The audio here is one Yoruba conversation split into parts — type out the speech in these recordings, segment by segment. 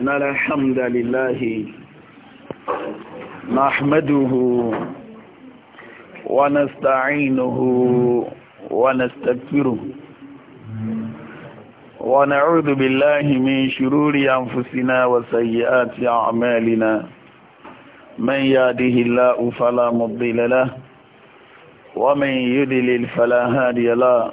إن الحمد لله نحمده ونستعينه ونستغفره ونعوذ بالله من شرور أنفسنا وسيئات أعمالنا من ياده الله فلا مضل له ومن يضلل فلا هادي له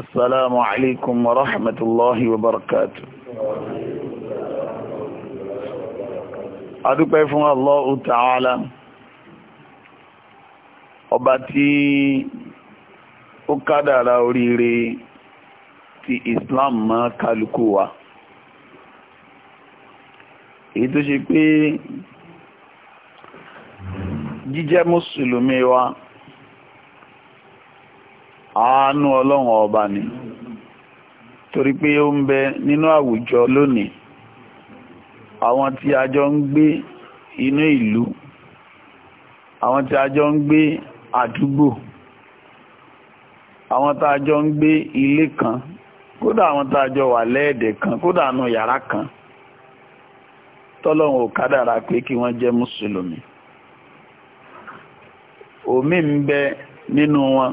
السلام عليكم ورحمة الله وبركاته adúpẹ́ fún Allahu Ta'ala ọba tí ó kádàrá oríire ti Islam mọ́ kálukú wa èyí tó ṣe pé jíjẹ́ mùsùlùmí wa àánú ọlọ́run ọba ni torí pé ó ń bẹ nínú àwùjọ lónìí àwọn tí a jọ ń gbé inú ìlú àwọn tí a jọ ń gbé àdúgbò àwọn tá a jọ ń gbé ilé kan kódà àwọn ta a jọ wà lẹ́ẹ̀dẹ̀ kan kódà àánú yàrá kan tọ́lọ́run ò kádàrá pé kí wọ́n jẹ́ mùsùlùmí òmí ń bẹ nínú wọn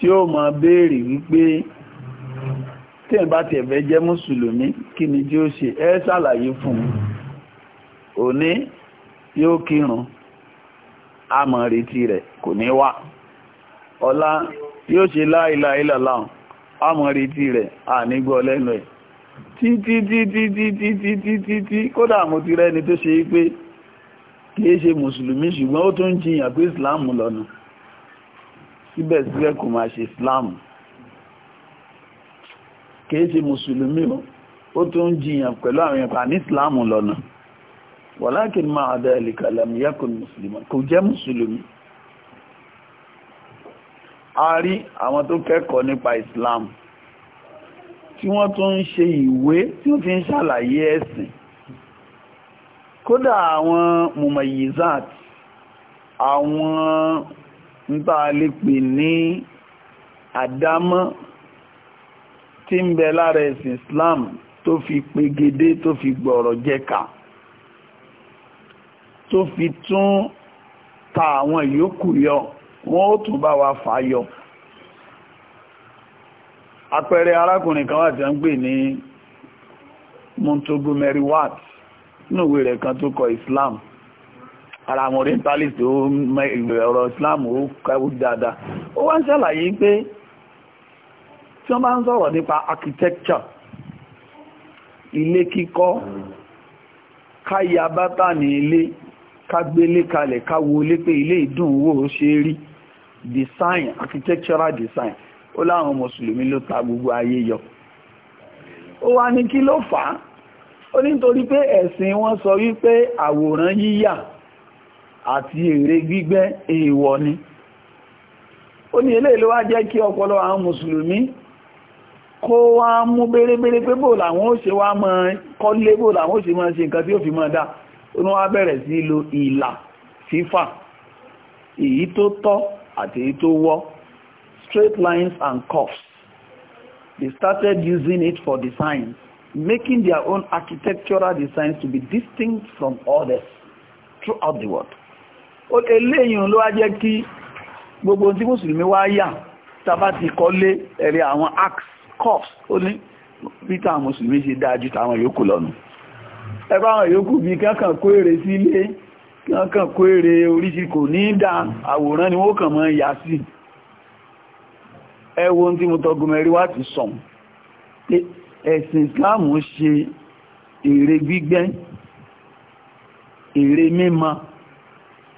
tí ó máa béèrè wípé tí ẹ̀ bá ti ẹ̀fẹ́ jẹ́ mùsùlùmí kí ni tí ó ṣe ẹ́ ṣàlàyé fún un òní yóò kírun a máa retí rẹ̀ kò ní wá ọ̀la yóò ṣe láìláà ìlàlá a máa retí rẹ̀ a ní gbọ́ lẹ́nu ẹ̀ títí títí títí títí títí kódà mo ti rẹ́ni tó ṣe wípé kìí ṣe mùsùlùmí ṣùgbọ́n ó tún jiyàn pé islam lọ́nà síbẹ̀síbẹ̀ kò máa ṣe islam kìí ṣe mùsùlùmí o ó tún ń jiyàn pẹ̀lú àwọn ẹ̀fà ní islam lọ́nà walakin ma ada ẹ̀lìkà lam yakun mùsùlùmí kò jẹ́ mùsùlùmí a rí àwọn tó kẹ́kọ̀ọ́ nípa islam tí wọ́n tún ń ṣe ìwé tí wọ́n fi ń ṣàlàyé ẹ̀sìn kódà àwọn mumayizat àwọn ń tá a lè pè ní bẹ lára ẹ̀sìn Islam tó fi pegedé tó fi gbọ̀rọ̀ jẹ́ka tó fi tún ta àwọn ìyókù yọ wọ́n ó tún bá wa fà yọ àpẹẹrẹ arákùnrin kan wà tí a ń pè ní Montgomery Watt nínú ìwé kan tó kọ Islam ara àwọn orientalist ó ọ̀rọ̀ Islam ó kẹ́wó dáadáa ó wá ń ṣàlàyé pé tí wọ́n bá ń sọ̀rọ̀ nípa architecture ilé kíkọ́ káyà bátà ní ilé kágbélé kalẹ̀ káwọlé pé ilé ìdùn wò ó ṣe rí design architectural design ó láwọn mùsùlùmí ló ta gbogbo ayé yọ ó wá ní kí ló fà á ó nítorí pé ẹ̀sìn wọn sọ wípé àwòrán yíyà àti èrè gbígbẹ́ èèwọ̀ ni ó ní eléyìí ló wá jẹ́ kí ọpọlọ àwọn mùsùlùmí kó wá mú bérébéré pé bóòlù àwọn ó ṣe wá mọ́ kọ́lé bóòlù àwọn ó ṣe mọ́ ṣe nǹkan tí ó fi mọ́ dá ó ní wá bẹ̀rẹ̀ sí lo ìlà fífà èyí tó tọ́ àti èyí tó wọ́ straight lines and curves they started using it for design making their own architectural designs to be distinct from others throughout the world eléyìn ló wá jẹ́ kí gbogbo tí mùsùlùmí wá yà tàbá ti kọ́lé ẹ̀rẹ̀ àwọn axe cuffs ó ní peter mùsùlùmí ṣe dájú táwọn yòókù lọ́nu ẹgbà àwọn yòókù bí kankan kó èrè sílé kankan kó èrè oríṣi kò ní dá àwòrán ni wọ́n kàn mọ́ yà sí ẹwọ tí mo tọgùmẹ̀rí wá ti sọ̀n ẹ̀sìn islam ṣe èrè gbígbẹ́ èrè mímọ́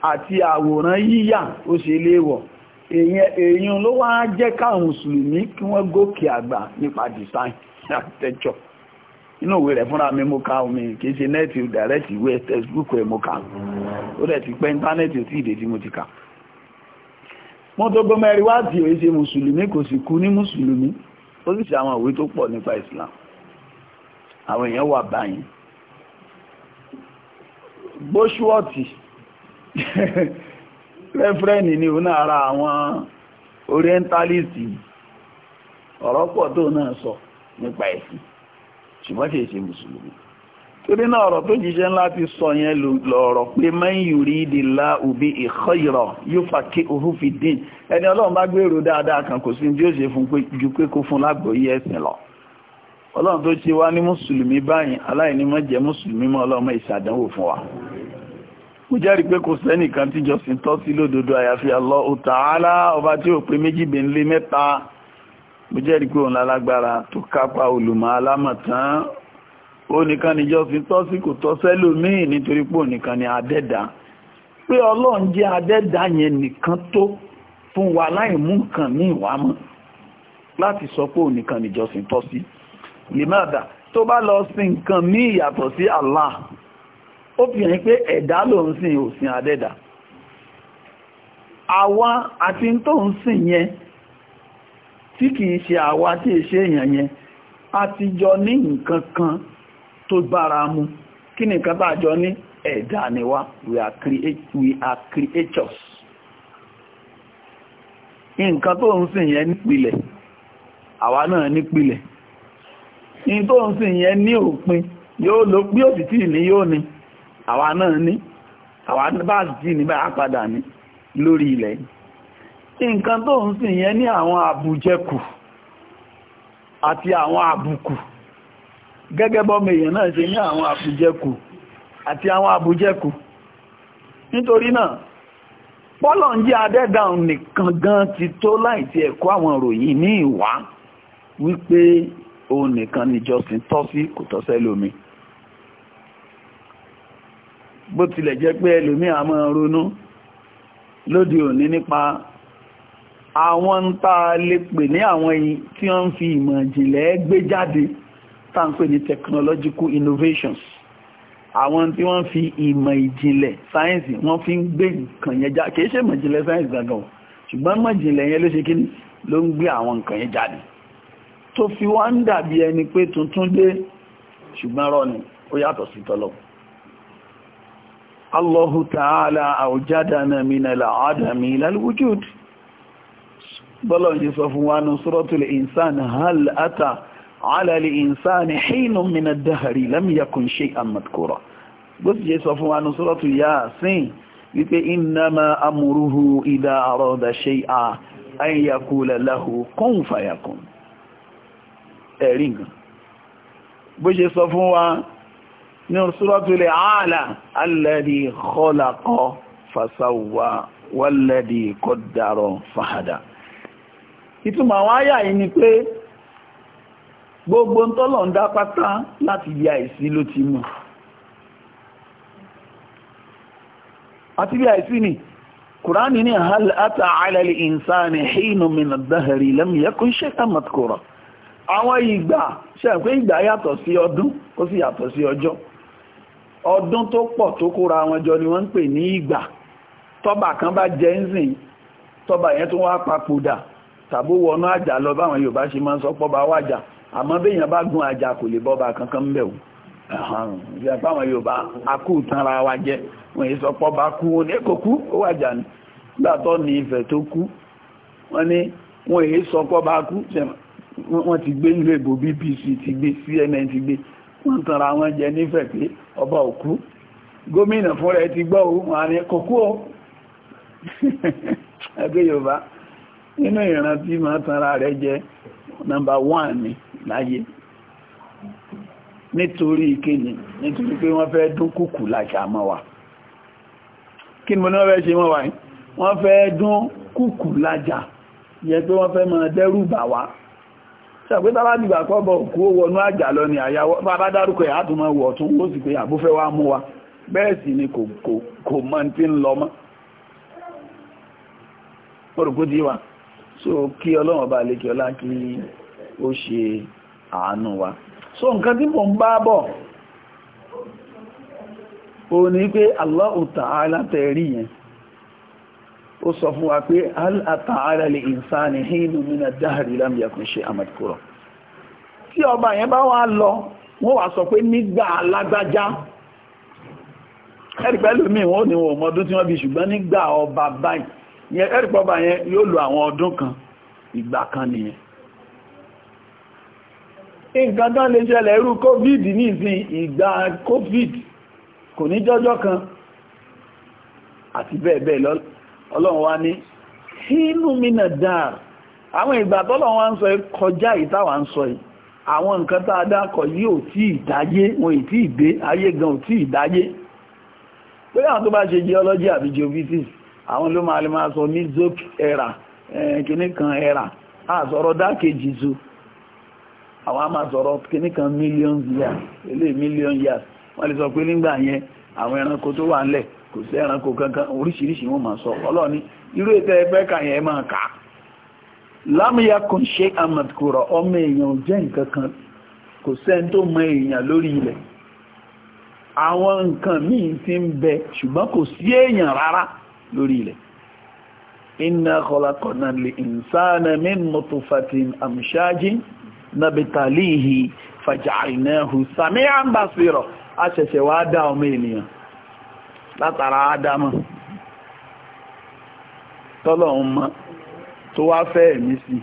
àti àwòrán yíyà ó ṣe léèwọ̀ èyàn ló wá jẹ́ káwọn mùsùlùmí kí wọ́n gòkè àgbà nípa design architecture inú òwe rẹ̀ fúnra mi mo ka omi kìí ṣe nẹ́ẹ̀tì direct ìwé textbook ẹ̀ mo ka ó dẹ̀ ti pẹ́ íńtánẹ́ẹ̀tì ò tí ìdè tí mo ti kà wọ́n tó gbọ́mọ ẹ̀rí wá tí òye ṣe mùsùlùmí kò sì kú ní mùsùlùmí ó sì ṣe àwọn òwe tó pọ̀ nípa Islam àwọn èèyàn wà báyìí bóṣúọ̀tì rẹ́fúrẹ́nì ni òun ara àwọn orientalist ọ̀rọ̀ pọ̀ tó náà sọ nípa ẹ̀sìn ṣùgbọ́n kìí ṣe mùsùlùmí torí náà ọ̀rọ̀ tó jíṣẹ́ ńlá ti sọ yẹn lọ̀rọ̀ pé man yuridillahu bihi khayran yufaqihuhu fid-din ẹni ọlọ́run bá gbèrò dáadáa kan kò sí tí ó ṣe fún ju pé kó fún lágbòóyé ẹ̀sìn lọ ọlọ́run tó ṣe wá ní mùsùlùmí báyìí aláìní mọ́ jẹ́ mùsùlùmí mọ́ ọlọ́mọ ìṣàdánwò fún wa mo jẹ́rìí pé kò sẹ́nìkan tí jọsìn tọ́ sí lódodo àyàfi Allah Ta'ala ọba tí ó pé méjì bè ń lé mẹ́ta mo jẹ́rìí pé òun lálágbára tó kápá olùmọ̀ alámọ̀tán ó nìkan ni jọsìn tọ́ sí kò tọ́ sẹ́lòmíì nítorí pé nìkan ni adẹ́dà pé ọlọ́run jẹ́ adẹ́dà yẹn nìkan tó fún wa láì mú nǹkan ní ìwà mọ́ láti sọ pé òun nìkan ni jọsìn tọ́ sí lèmọ́dà tó bá lọ sí nǹkan míì yàtọ̀ sí Allah ó fi hàn pé ẹ̀dá ló ń sin òsìn àdẹ́dà àwa àti tó ń sin yẹn tí kìí ṣe àwa tí è ṣe èèyàn yẹn a ti jọ ní nǹkan kan tó bára mu kí nìkan nǹkan bá jọ ní ẹ̀dá ni wá we are, creatures nǹkan tó ń sin yẹn nípìlẹ̀ àwa náà nípìlẹ̀ ní tó ń sìn yẹn ní òpin yóò ló bí òsì ní yóò ní àwa náà ní àwa bá jí ní bá padà ní lórí ilẹ̀ nǹkan tó ń sìn yẹn ní àwọn àbùjẹkù àti àwọn àbùkù gẹ́gẹ́ bọ́mọ èèyàn náà ṣe ní àwọn àbùjẹkù àti àwọn àbùjẹkù nítorí náà pọ́lọ̀ ń jẹ́ adẹ́dàun nìkan gan ti tó láìsí ẹ̀kọ́ àwọn ìròyìn ní ìwá wípé òun nìkan níjọsìn tọ́ sí kò tọ́sẹ́ lómi bó tilẹ̀ jẹ́ pé ẹlòmí a máa ronú lóde òní nípa àwọn ń ta lè pè ní àwọn tí wọ́n ń fi ìmọ̀ ìjìnlẹ̀ gbé jáde tá ní technological innovations àwọn tí wọ́n fi ìmọ̀ ìjìnlẹ̀ sáyẹ́nsì wọ́n fi ń gbé nǹkan yẹn jáde kìí ṣe ìmọ̀ ìjìnlẹ̀ sáyẹ́nsì gangan o ṣùgbọ́n ìmọ̀ ìjìnlẹ̀ yẹn ló ṣe kí ni ló ń gbé àwọn nǹkan yẹn jáde tó fi wá ń dàbí ẹni pé tuntun dé ṣùgbọ́n rọ ó yàtọ̀ sí tọ́lọ́wọ́ Allahu ta'ala awjadana min al-adami ila al-wujud bọ́lọ̀ yí sọ fún wa ní suratul insan hal ata ala al-insani hinun min ad-dahri lam yakun shay'an madkura bó sì yí sọ fún wa ní suratul ní Suratul A'la alladhi khalaqa fasawwa walladhi qaddara fahada ìtumọ̀ àwọn àyà yìí ni pé gbogbo tọ́lọ̀ ń dá pátá láti bí àìsí ló ti mú àti bí àìsí ni kùránì ní hal ata ala al insani hínú min ad-dahri lam ìgbà yàtọ̀ sí ọdún ó sì yàtọ̀ sí ọjọ́ ọdún tó pọ̀ tó kóra wọn jọ ni wọ́n ń pè ní ìgbà tọ́bà kan bá jẹ́ ń sìn tọ́bà yẹn tó wá papòdà tàbó wọnú àjà lọ báwọn Yorùbá ṣe máa ń sọ pọ́ba wájà àmọ́ béèyàn bá gun àjà kò lè bọ́ba kankan ń bẹ̀wò ìyàpáwọn Yorùbá akú tanra wa jẹ́ wọ́n yìí sọ pọ́ba kú ó ní kò kú ó wájà ní gbàtọ́ ní ìfẹ́ tó kú wọ́n ní wọ́n yìí sọ pọ́ba kú wọ́n ti gbé nílé ìbò BBC ti gbé CNN ti gbé wọ́n tànra wọn jẹ nífẹ̀ẹ́ pé ọba òkú gómìnà fún rẹ̀ ti gbọ́ ohun àárín kòkó o ẹgbẹ́ yorùbá nínú ìran tí ma tànra rẹ̀ jẹ nọmbà 1 ní láyé nítorí ìkéni nítorí pé wọ́n fẹ́ dún kùkù láṣà mọ́ wa wọ́n fẹ́ ṣe dẹ́rù bà wá ṣàgbétàbá dìgbà kọ́bọ̀ kú ó wọnú àjà lọ ni àyàwó bàbá dárúkọ ẹ̀ àtúmọ̀ wọ̀ tún ó sì pé àbúfẹ́ wa mú wa bẹ́ẹ̀ sì ni kò mọ́ tí ń lọ mọ́ orùkú so kí ọlọ́wọ̀n bá lè kí ọlá kí ṣe àánú yẹn ó sọ fún wa pé alata ara lè ìsáni hínú nínú dáhàrí lámìyàkùn ṣe àmàdìkúrọ̀ tí ọba yẹn bá wá lọ wọ́n wá sọ pé nígbà alágbájá ẹ̀rì pẹ̀lú mi wọ́n ní wọ́n ọdún tí wọ́n bí ṣùgbọ́n nígbà ọba báyìí ẹ̀rì pọ́ba yẹn yóò lo àwọn ọdún kan bẹ́ẹ̀ bẹ́ẹ̀ lọ́lọ́ ọlọ́run wá ní hínú mínà dáàrù àwọn ìgbà tọ́lọ́run wá ń sọ kọjá ìtawà ń sọ yìí àwọn nǹkan tá a dákọ̀ yìí ò tí ìdáyé wọn ìtí ìdé ayé gan ò tí ìdáyé pé àwọn tó bá ṣe geology àbí geophysics àwọn ló máa lè máa sọ mesozoic era eh, kìíní kan era àsọ̀rọ̀ dákejì zo àwọn a máa sọ̀rọ̀ kìíní kan million years ilé million years wọ́n lè sọ pé nígbà yẹn àwọn ẹranko tó wà ńlẹ̀ kò sí ẹranko kankan oríṣiríṣi wọn máa sọ ni irú ètò ẹgbẹ́ kàyẹ̀ máa kà á lámìyà kò ń ṣe àmàkùrọ̀ ọmọ èèyàn jẹ́ nǹkan kan kò sẹ́ni tó mọ èèyàn lórí ilẹ̀ àwọn nǹkan míì ti ń bẹ ṣùgbọ́n kò sí èèyàn rárá lórí ilẹ̀ inna khalaqna al-insana min nutfatin amshajin nabtalihi faj'alnahu dá ọmọ ènìyàn látara ádámà tọ́lọ̀un mọ́ tó wá fẹ́ ẹ̀mí sí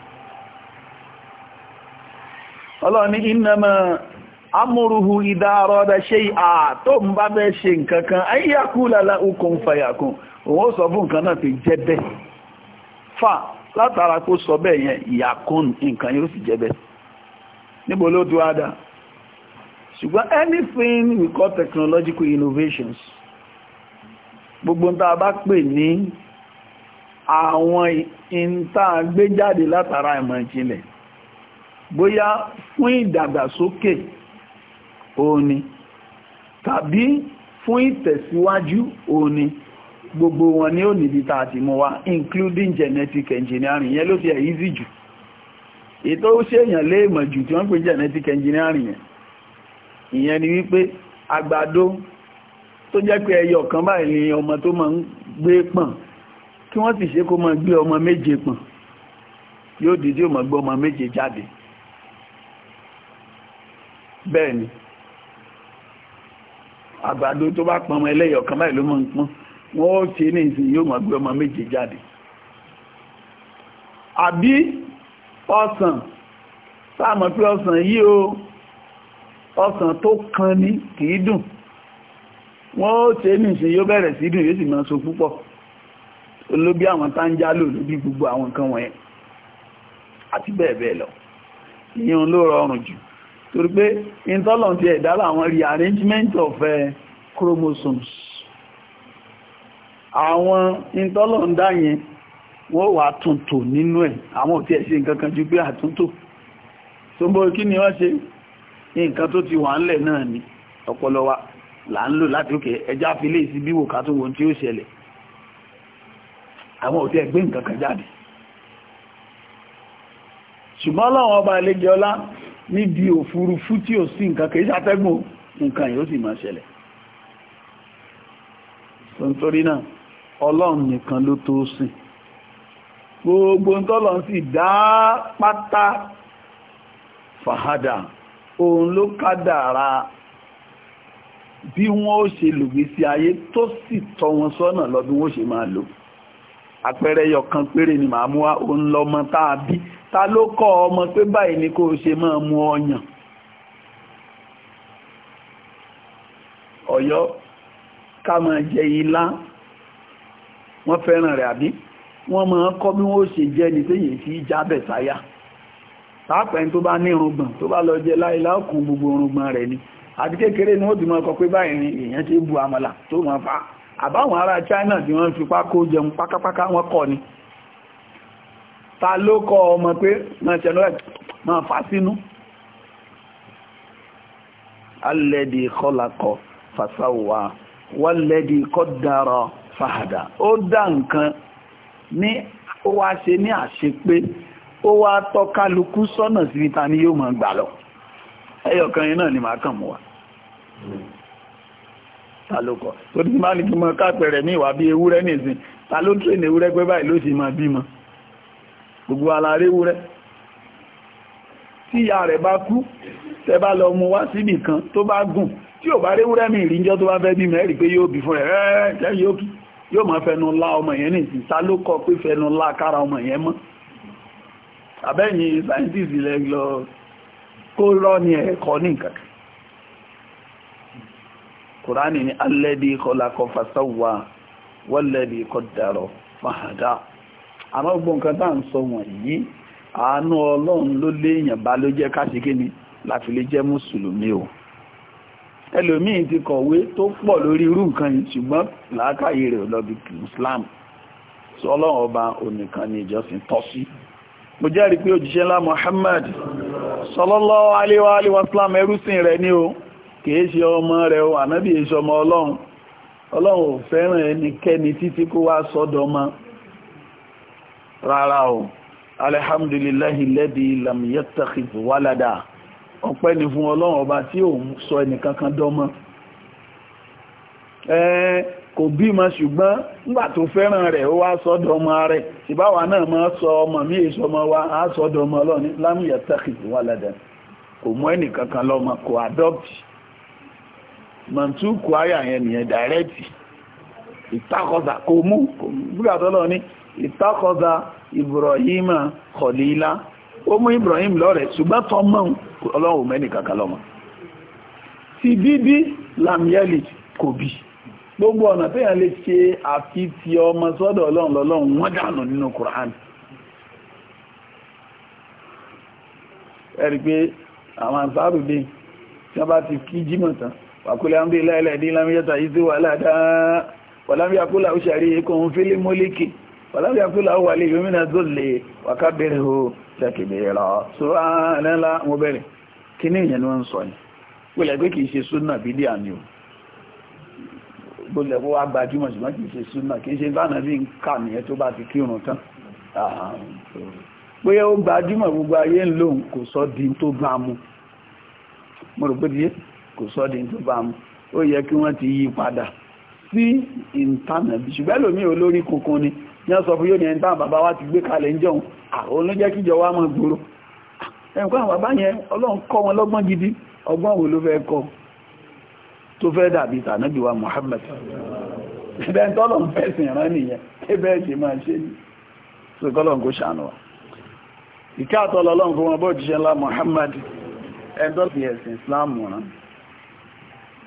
ọlọ́ni ìnàmà amúrùhù ìdárọ̀dà ṣe à tó ń bá bẹ́ ṣe nkankan ayyakú lálá ukùn fàyàkùn òun ó sọ fún nǹkan náà fi jẹ́ bẹ́ fà látara kó sọ bẹ́ẹ̀ yẹn ìyàkún nǹkan yóò sì jẹ́ bẹ́ níbo ló dúwádà ṣùgbọ́n anything we call technological innovations gbogbo tá a bá pè ní àwọn ìntà gbéjáde látara ìmọ̀ ìjìnlẹ̀ bóyá fún ìdàgbàsókè òní tàbí fún ìtẹ̀síwájú òní gbogbo wọn ni ó níbi tá ti mú wá including genetic engineering yẹn ló ti ẹ̀ easy jù ètò ó ṣèyàn lé ìmọ̀ tí wọ́n pè genetic engineering yẹn ìyẹn ni wípé àgbàdo tó jẹ́ pé ẹyọ kan báyìí ni ọmọ tó máa ń gbé pọ̀n kí wọ́n sì ṣe kó máa gbé ọmọ méje pọ̀n yóò di tí ó máa gbé ọmọ méje jáde bẹ́ẹ̀ ni àgbàdo tó bá pọ̀n ọmọ ẹlẹ́yọ̀ kan báyìí ló máa ń pọ́n wọ́n ó ṣe ní ìsìn yóò máa gbé ọmọ méje jáde àbí ọsàn sáàmọ̀ pé ọsàn yìí o ọsàn tó kan ní kìí dùn wọ́n ó tẹ́ ní ìsìn yóò bẹ̀rẹ̀ sí si yóò sì máa so púpọ̀ olóbí àwọn tánjálò lóbi gbogbo àwọn nǹkan wọ̀nyẹn àti bẹ́ẹ̀ bẹ́ẹ̀ lọ ìyẹn ló rọrùn jù torí pé intolon ti ẹ̀dá láwọn rearrangement of eh, chromosomes àwọn intolon dá yẹn wọ́n wà àtúntò nínú ẹ̀ àwọn ò tí ẹ̀ ṣe nǹkan kan ju pé àtúntò tó ń bọ́ kí ni wọ́n ṣe nǹkan tó ti wà ńlẹ̀ náà ni ọpọlọ wa là ń lò láti òkè ẹjá fi lè sí bíwò ká tó wọn tí ó ṣẹlẹ̀ àwọn òtí ẹgbẹ́ nǹkan kan jáde ṣùgbọ́n ọlọ́run ọba àlejò ọlá níbi òfurufú tí ò sí nǹkan kìí ṣàtẹ́gùn nǹkan yóò sì máa ṣẹlẹ̀ nítorí náà ọlọ́run nìkan ló tó sìn gbogbo ń si sí dá pátá fàhádà òun ló kádàrá bí wọ́n ó ṣe lògbésí ayé tó sì tọ́ wọn sọ́nà lọ bí wọ́n ṣe máa lò àpẹẹrẹ yọkan péré ni màá mú wa òun lọmọ tá a bí ta ló kọ́ ọmọ pé báyìí ni kò ṣe máa mu ọyàn ọ̀yọ́ ká máa jẹ ilá wọ́n fẹ́ràn rẹ̀ àbí wọ́n máa kọ́ bí wọ́n ó ṣe jẹ́ ni téyìn sí jábẹ̀ sáyà pàápàá tó bá ní irùngbọ̀n tó bá lọ jẹ láìlá òkun gbogbo irùngbọ̀n rẹ̀ ni àti kékeré ni wọ́n ti mọ́ ọkọ̀ pé báyìí ni èèyàn ti bu àmàlà tó mọ́ fa àbáwọn ará China tí wọ́n fi pákó jẹun pákápáká wọn kọ́ ni ta ló kọ́ ọmọ pé máa ṣẹlọ́ ẹ̀ máa fà sínú alẹ́dì kọ́lákọ̀ fàṣàwà wọ́lẹ́dì kọ́dàrọ̀ fàhàdà ó dá nǹkan ní ó wá ṣe ní àṣepé ó wá tọ́kálukú sọ́nà sí ìta ni yóò máa gbà lọ ẹyọkan yìí ni màá kàn mú wa ta ló kọ́ tó ti máa ní kí mọ kápẹ̀rẹ̀ ní ìwà bí ewúrẹ́ nìsín ta ló tún ewúrẹ́ pé báyìí ló sì máa bímọ gbogbo aláré ewúrẹ́ tí ìyá rẹ̀ bá kú tẹ bá lọ mú wá síbì kan tó bá gùn tí ò bá réwúrẹ́ mi ìrìnjọ́ tó bá fẹ́ bí mẹ́rin pé yóò bí fún rẹ̀ rẹ̀ yóò máa fẹnu lá ọmọ yẹn ní ìsìn ta ló kọ pé fẹnu kùránì ní alẹ́bí kọlákọ fasáwà wọ́lẹ́bí kọdàrọ̀ fàhádà àmọ́ gbogbo nǹkan tá à ń sọ wọ̀nyí àánú ọlọ́run ló léèyàn bá ló jẹ́ káṣíkí ni láfi lè o elomi ti kowe to po lori iru sugbon ṣùgbọ́n làákàyè rẹ̀ lọ bí Islam sọ ni ìjọsìn tọ́ mo Muhammad sallallahu alaihi wa sallam o kìí ṣe ọmọ rẹ̀ o ànábì èṣe ọmọ ọlọ́run ọlọ́run ò fẹ́ràn ẹnikẹ́ni títí kó wá sọ́dọ̀ ọmọ rárá o alhamdulillahi lẹ́dí lam walada ọpẹ́ ni fún ọlọ́run ọba tí ò ń sọ ẹnìkankan dọ́mọ́ ẹ̀ẹ́ kò bímọ ṣùgbọ́n nígbà tó fẹ́ràn rẹ̀ ó wá sọ́dọ̀ ọmọ rẹ̀ ìbáwa náà máa sọ ọmọ mi èso ọmọ wa á sọ́dọ̀ ọmọ ọlọ́run lam walada kò mú ẹnìkankan lọ́mọ kò adopt mọ̀túkù àyà yẹn nìyẹn dàrẹ́tì ìtàkọ́sà kò mú búgbàtọ́lọ́ ní ìtàkọ́sà Ibrahim khalila ó mú Ibrahim lọ́rẹ̀ ṣùgbọ́n tọ́mọ́ ọlọ́run mẹ́ni kàkà lọ́mọ ti bíbí lamyeli kò bí gbogbo ọ̀nà téèyàn lè ṣe àfi ti ọmọ sọ́dọ̀ ọlọ́run lọ́lọ́run wọ́n dànù nínú Kùránì ẹ̀rí pé àwọn àǹsáàrù dé tí wọ́n bá ti kí jímọ̀ tán فكل الحمد لله الذي لم يتعز ولدا ولم يكن له شريك في الملك ولم يكن له ولي من الذل وكبره تكبيرا سبحان الله مبارك kíní ìyẹn ni wọ́n ń sọ yìí gbọ́lẹ̀ pé kìí ṣe súnà bídí àmì o gbọ́lẹ̀ pé wá gbajúmọ̀ ṣùgbọ́n kìí ṣe súnà kìí ṣe bá náà bí ń kà nìyẹn tó bá ti kírun ó gbajúmọ̀ gbogbo ayé ń mo rò pé díẹ̀ kò sọ́dí tó bá mu ó yẹ kí wọ́n ti yí padà sí ìntànàbí ṣùgbọ́n lómi olórí kunkun ni yán sọ fún yóò ní ẹni wa ti gbé kalẹ̀ ń jọun àwọn ló jẹ́ kíjọ wa mọ́ gbòòrò ẹ̀kọ́ àwọn bàbá yẹn ọlọ́run kọ́ wọn gidi ọgbọ́n wo ló fẹ́ kọ́ tó fẹ́ dàbí Muhammad tọ́lọ̀ ń fẹ́sìn rán nìyẹn ṣe máa ṣe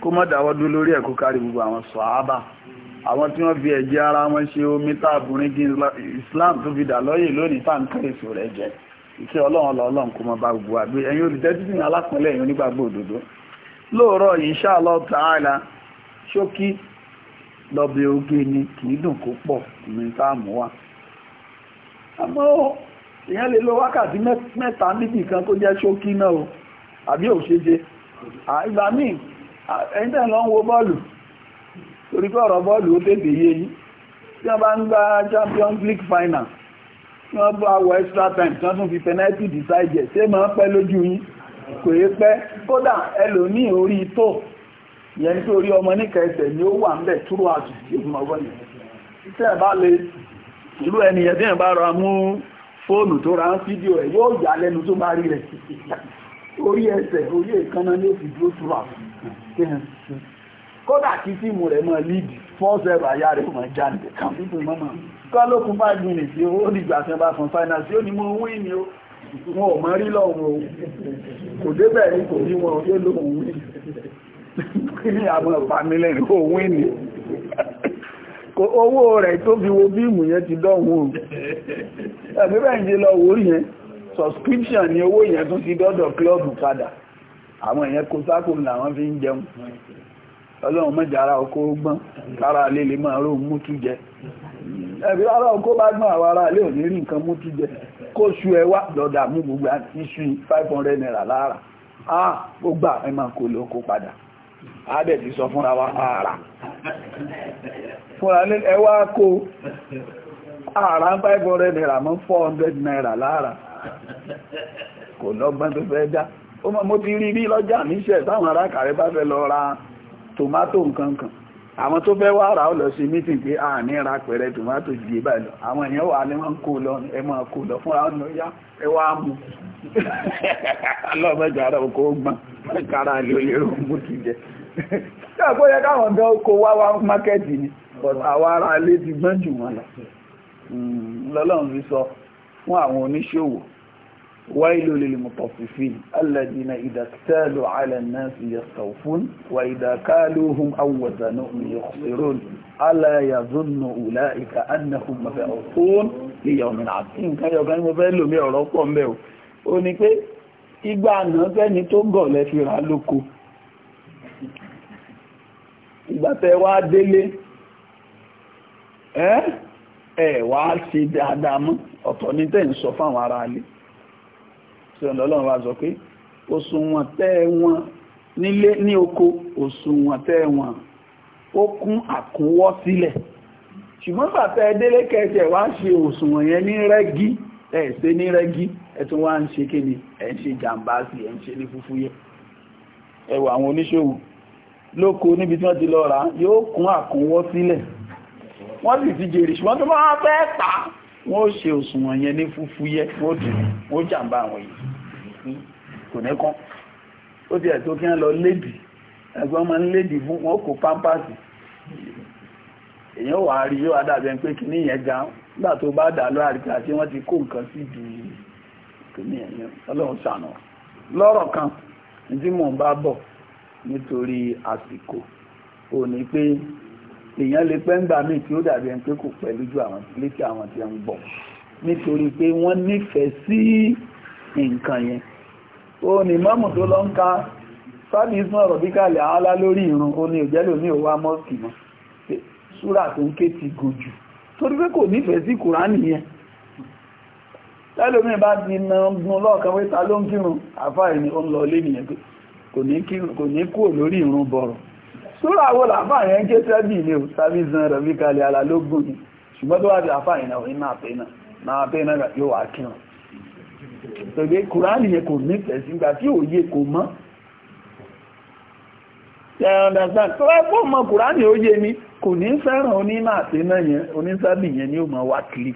kó mọ́ dáwọ́ dúró lórí ẹ̀kọ́ kárí gbogbo àwọn sọ̀hábà àwọn tí wọ́n fi ẹ̀jẹ̀ ara wọn ṣe omi táàbùrin kí Islam tó fi dà lọ́yè lónìí táǹkà èso rẹ̀ jẹ́ ìṣẹ́ ọlọ́run lọ́lọ́run kó mọ́ bá gbogbo àgbé ẹ̀yin olùtẹ́tí sí alápẹ̀lẹ̀ ẹ̀yin onígbàgbọ́ òdodo lóòrọ̀ insha Allah ta'ala ṣókí lọ́bẹ̀ oge ni kì í dùn kó pọ̀ ní táàmù wa àmọ́ èèyàn lè lo wákàtí mẹ́ta níbì kan kó jẹ́ ṣókí náà o àbí òṣèṣe ìgbà míì ẹ̀yìntẹ́ lọ ń wo bọ́ọ̀lù torí pé ọ̀rọ̀ bọ́ọ̀lù ó tètè yé yí tí gba League final tí wọ́n bá wọ extra time tí wọ́n tún fi penalty decide ẹ̀ ṣé máa pẹ́ lójú yín kò é pẹ́ kódà ẹlòmíì orí tó ni ó wà ń bẹ̀ túrò àtúntì ìmọ̀gbọ́n yẹn tẹ́ ẹ̀ tí bá orí ẹsẹ̀ orí èkánná ní òfin tó túrà fún kódà kí tíìmù rẹ̀ mọ̀ líìdì fọ́ọ̀sẹ̀rọ̀ àyà rẹ̀ mọ̀ jáde kan fífún mọ́mọ́ kọ́ ló kún five minutes yóò ó dìgbà tí wọ́n bá fún finance yóò ní mo wí ni ó wọn ò mọ rí lọ́wọ́ o kò débẹ̀ ní kò rí wọn yóò lóhun wí kí ni àwọn ìpamílẹ̀ ní kò wí ni owó rẹ̀ tó fi wo bíìmù yẹn ti dọ́hun o ẹ̀mí bẹ́ẹ̀ ń ṣe lọ wò ó yẹn subscription ni owó yẹn tún ti dọ́dọ̀ club padà àwọn èèyàn kó sákò làwọn fi ń jẹun ọlọ́run mọ́jà ara ọkọ̀ gbọ́n kára alé lè máa rò mú tú jẹ ẹ̀bí ara ọkọ̀ bá gbọ́n àwọn ará alé ò ní rí nǹkan mú tú jẹ kó su ẹwà dọ̀dà mú gbogbo iṣu five hundred naira lára ah ó gbà ẹ máa kó lóko padà àádẹ́ ti sọ fúnra wa ààrà fúnra ẹwà kó ààrà five hundred naira mọ́ four hundred naira lára. kò lọ́gbọ́n tó fẹ́ já ó mọ́ mo ti rí rí lọ́jà níṣẹ́ táwọn bá fẹ́ lọ ra tomato nkankan àwọn tó fẹ́ wá ra ọ lọ sí mítìn pé a ní ra pẹ̀rẹ̀ tomato jìdí báyìí lọ àwọn èèyàn wà ní wọ́n kó lọ ẹ máa kó lọ fúnra ọ̀nà yá ẹ wá mú mú ti jẹ káwọn kó wá wá mákẹ́tì ni àwọn ará ilé ti gbọ́n jù wọn lọ hmm, lọ́lọ́run sọ fún àwọn oníṣòwò wáìlò lè mọ̀tọ̀fífì alladina ìdàkítàlù alẹ́nàṣì yastawfun wà ìdàkálóhun awọ̀zánú yọ̀kùsíròn aláyàzónù ìlà ìka annahun mafẹ́ ọ̀tún ìyàwómin àti nǹkan yọ̀gá ní mo fẹ́ lómi ọ̀rọ̀ pọ̀ mẹ́ o ó ní eh? ẹ wá ṣe dáadáa mọ́ ọ̀tọ̀ ní tẹ́ ń sọ fáwọn ará alé tí ọ̀nà ọlọ́run wá sọ pé òṣùwọ̀n tẹ́ wọn nílé ní oko òṣùwọ̀n tẹ́ wọn ó kún àkúnwọ́ sílẹ̀ ṣùgbọ́n bàtẹ́ délé kẹsẹ̀ wá ṣe òṣùwọ̀n yẹn ní rẹ́gí ẹ̀ ṣe ní rẹ́gí ẹ̀ tún wá ń ṣe kíni ẹ̀ ń ṣe jàǹbá sí ẹ̀ ń ṣe ní fúfú yẹ ẹ àwọn oníṣòwò lóko níbi tí wọ́n ti lọ rà yóò kún àkúnwọ́ sílẹ̀ wọ́n sì ti jèrè ṣùgbọ́n tó máa fẹ́ tà wọ́n ó ṣe òṣùwọ̀n yẹn ní fúfú yẹ wọ́n ti wọ́n jàǹbá àwọn yìí kò ní kán ó ti ẹ̀tọ́ kí wọ́n lọ léèdì ẹgbẹ́ ọmọ ń léèdì fún wọn kò pámpásì èyàn wà á rí yóò adábẹ́ pé kí ní ìyẹn ga nígbà tó bá dà lọ́wọ́ àríkà tí wọ́n ti kó nǹkan sí di kìíní ẹ̀yẹn ọlọ́run ṣàánú lọ́rọ̀ kan tí mò ń bá bọ̀ nítorí àsìkò ò pé èèyàn lè pẹ́ ń gbà míì tí ó dàbí ẹni pé kò pẹ́ lójú àwọn létí àwọn tí ń bọ̀ nítorí pé wọ́n nífẹ̀ẹ́ sí nǹkan yẹn ó ní mọ́mù tó lọ ń ka sábì ìsún ọ̀rọ̀ bí kàlẹ̀ àwọn alá lórí ìrun ó ní òjẹ́lò ní òwá mọ́ọ̀kì mọ́ súrà tó ń ké ti gòjù torí pé kò nífẹ̀ẹ́ sí kùránì yẹn lẹ́lòmí bá ti na gun lọ́ọ̀kan pé ta ló ń kírun àfáà ẹni ó ń lọ lé nìyẹn kò ní kúrò lórí ìrun bọ̀rọ̀ súra wo làfà yẹn ké sẹ́bì ilé ò sábìsàn rẹ̀ kalẹ̀ ala lógún ni ṣùgbọ́n tó wá di àfà yẹn náà iná àpẹ́ náà náà àpẹ́ náà yóò wá kí wọn pẹ̀lú kùránì yẹn kò nífẹ̀ẹ́ sí ìgbà ọmọ kùránì òye ni kò ní fẹ́ràn oníná àpẹ́ náà yẹn onísábì yẹn ni ó mọ̀ wá kiri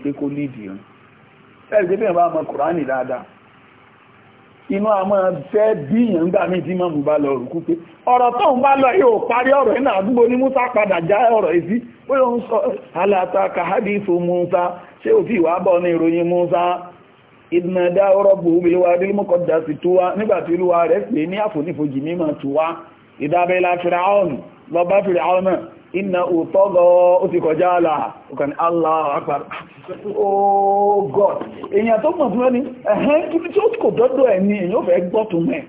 inú a máa fẹ́ bí ìyàn ń gbà mí tí mọ́mù bá lọ rùkú pé ọ̀rọ̀ tó ń bá lọ yóò parí ọ̀rọ̀ iná àdúgbò ní Musa padà já ọ̀rọ̀ ìsí pé ó ń sọ aláta kahadifu Musa ṣé ò tí ìwà bọ̀ ní ìròyìn Musa ìdìnàdá iná òtọ́gọ́ ó ti kọjá àlà ọkàn Allah akbar oh God èyàn tó mọ̀ túnmọ́ ní ẹ̀hẹ́n kí tí ó kò dọ́dọ̀ ẹ̀ ní èyàn fẹ́ gbọ́tún mẹ́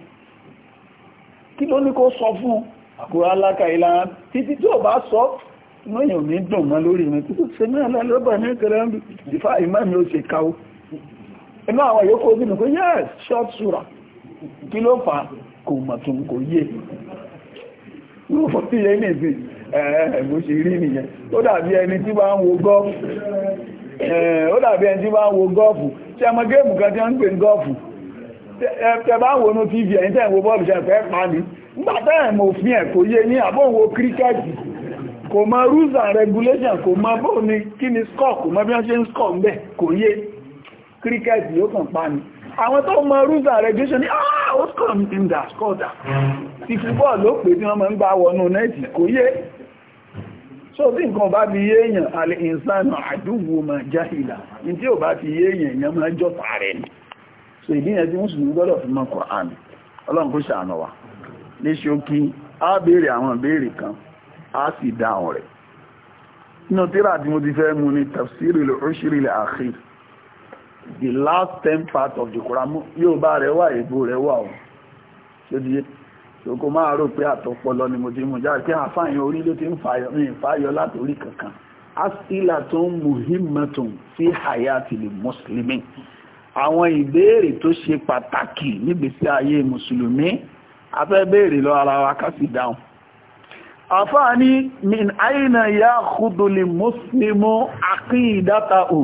kí ló ní kó sọ fún àkùrá aláka ìlànà títí tí ó bá sọ lóyìn òní dùn mọ́ lórí mi ẹ̀ẹ̀bó ṣe rí nìyẹn ó dàbí ẹni tí bá ń wo gọ́ọ̀fù ó dàbí ẹni tí bá ń wo gọ́ọ̀fù ọmọ géèmù kan tí wọ́n ń pè ní gọ́ọ̀fù tẹ bá ń wo ní tv ẹ̀yìn tẹ́ ń wo bọ́ọ̀lù ṣe pa ní nígbà tẹ́ẹ̀ mọ̀ òfin ẹ̀ kò yé yín àbọ̀ ń kíríkẹ́ẹ̀tì kò mọ rules and regulations kò mọ bóò ni kí ni score kò mọ bí wọ́n ṣe ń score ń bẹ̀ kò yé kíríkẹ́ẹ̀tì yóò kàn pa ní àwọn tó mọ rules so bí nǹkan bá fi yéèyàn alẹ́ ìsànà àdúgbò ma jáhìlà ní tí ò bá fi yéèyàn èèyàn máa jọ tààrẹ ni so ìdíyàn tí mùsùlùmí gbọ́dọ̀ fi mọ́ Kùránì ọlọ́run kó ṣàánà wa ní ṣókí a béèrè àwọn ìbéèrè a sì dáhùn rẹ̀ inú tíra tí mo ti fẹ́ mú ni tafsiri lè oṣìrì lè àkhir the last ten part of the Quran ṣòkó máa rò pé àtọpọlọ ni mo ti mú jáde pé àfààyàn orí ló ti ń fàyọ látòrí kankan asila tó ń muhimmatun fi hayatili muslimin àwọn ìbéèrè tó ṣe pàtàkì nígbésí ayé mùsùlùmí afẹ́ béèrè lọ ara wa ká sì dáhùn àfáà min àìnà ya kúdùlì mùsùlùmí àkíyìdátà ò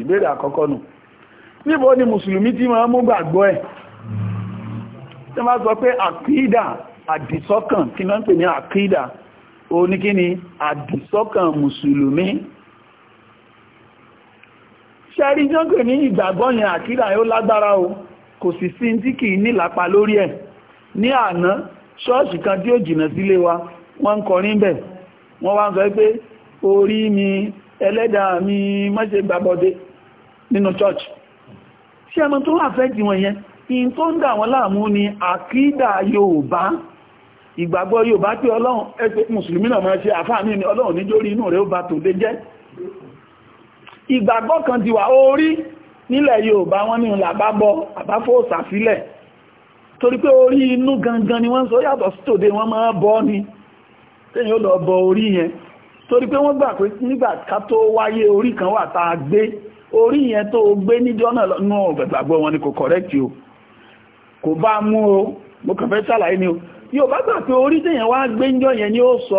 ìbéèrè àkọ́kọ́ nù níbo ni mùsùlùmí ti máa mú gbàgbọ́ ẹ̀ tí wọ́n sọ pé àkídà àdìsọ́kàn kí náà ń pè ní àkídà ó ní kí ni àdìsọ́kàn mùsùlùmí ṣẹ́rí jọ́gbẹ̀ ní ìgbàgbọ́ yẹn àkídà yóò lágbára o kò sì sí tí kì í nílapa lórí ẹ̀ ní àná ṣọ́ọ̀ṣì kan tí ó jìnà sílé wa wọ́n ń kọrin wọ́n wá sọ pé orí mi ẹlẹ́dàá mi má ṣe nínú church ṣé ẹmọ tó wà fẹ́ ti wọn in tó ń dà wọ́n láàmú ni àkídà Yorùbá ìgbàgbọ́ Yorùbá tí Ọlọ́run ẹgbẹ́ mùsùlùmí náà máa ṣe àfáàmì ni Ọlọ́run níjórí inú rẹ̀ ó bá tòde jẹ́ ìgbàgbọ́ kan ti wà orí nílẹ̀ Yorùbá wọ́n ní làbábọ́ àbáfóòsà sílẹ̀ torí pé orí inú gangan ni wọ́n sọ yàtọ̀ wọ́n máa bọ́ ni tẹ́yìn ó lọ bọ orí yẹn torí pé wọ́n gbà pé nígbà ká tó wáyé orí kan wà tá gbé orí yẹn tó gbé níjọ́ náà lọ́nà ọ̀gbẹ̀gbàgbọ́ wọn ni kò kọ̀rẹ́kì o kò bá mú o mo kàn sàlàyé ni o yóò bá gbà pé orí tèèyàn wá gbéńjọ yẹn ni ó sọ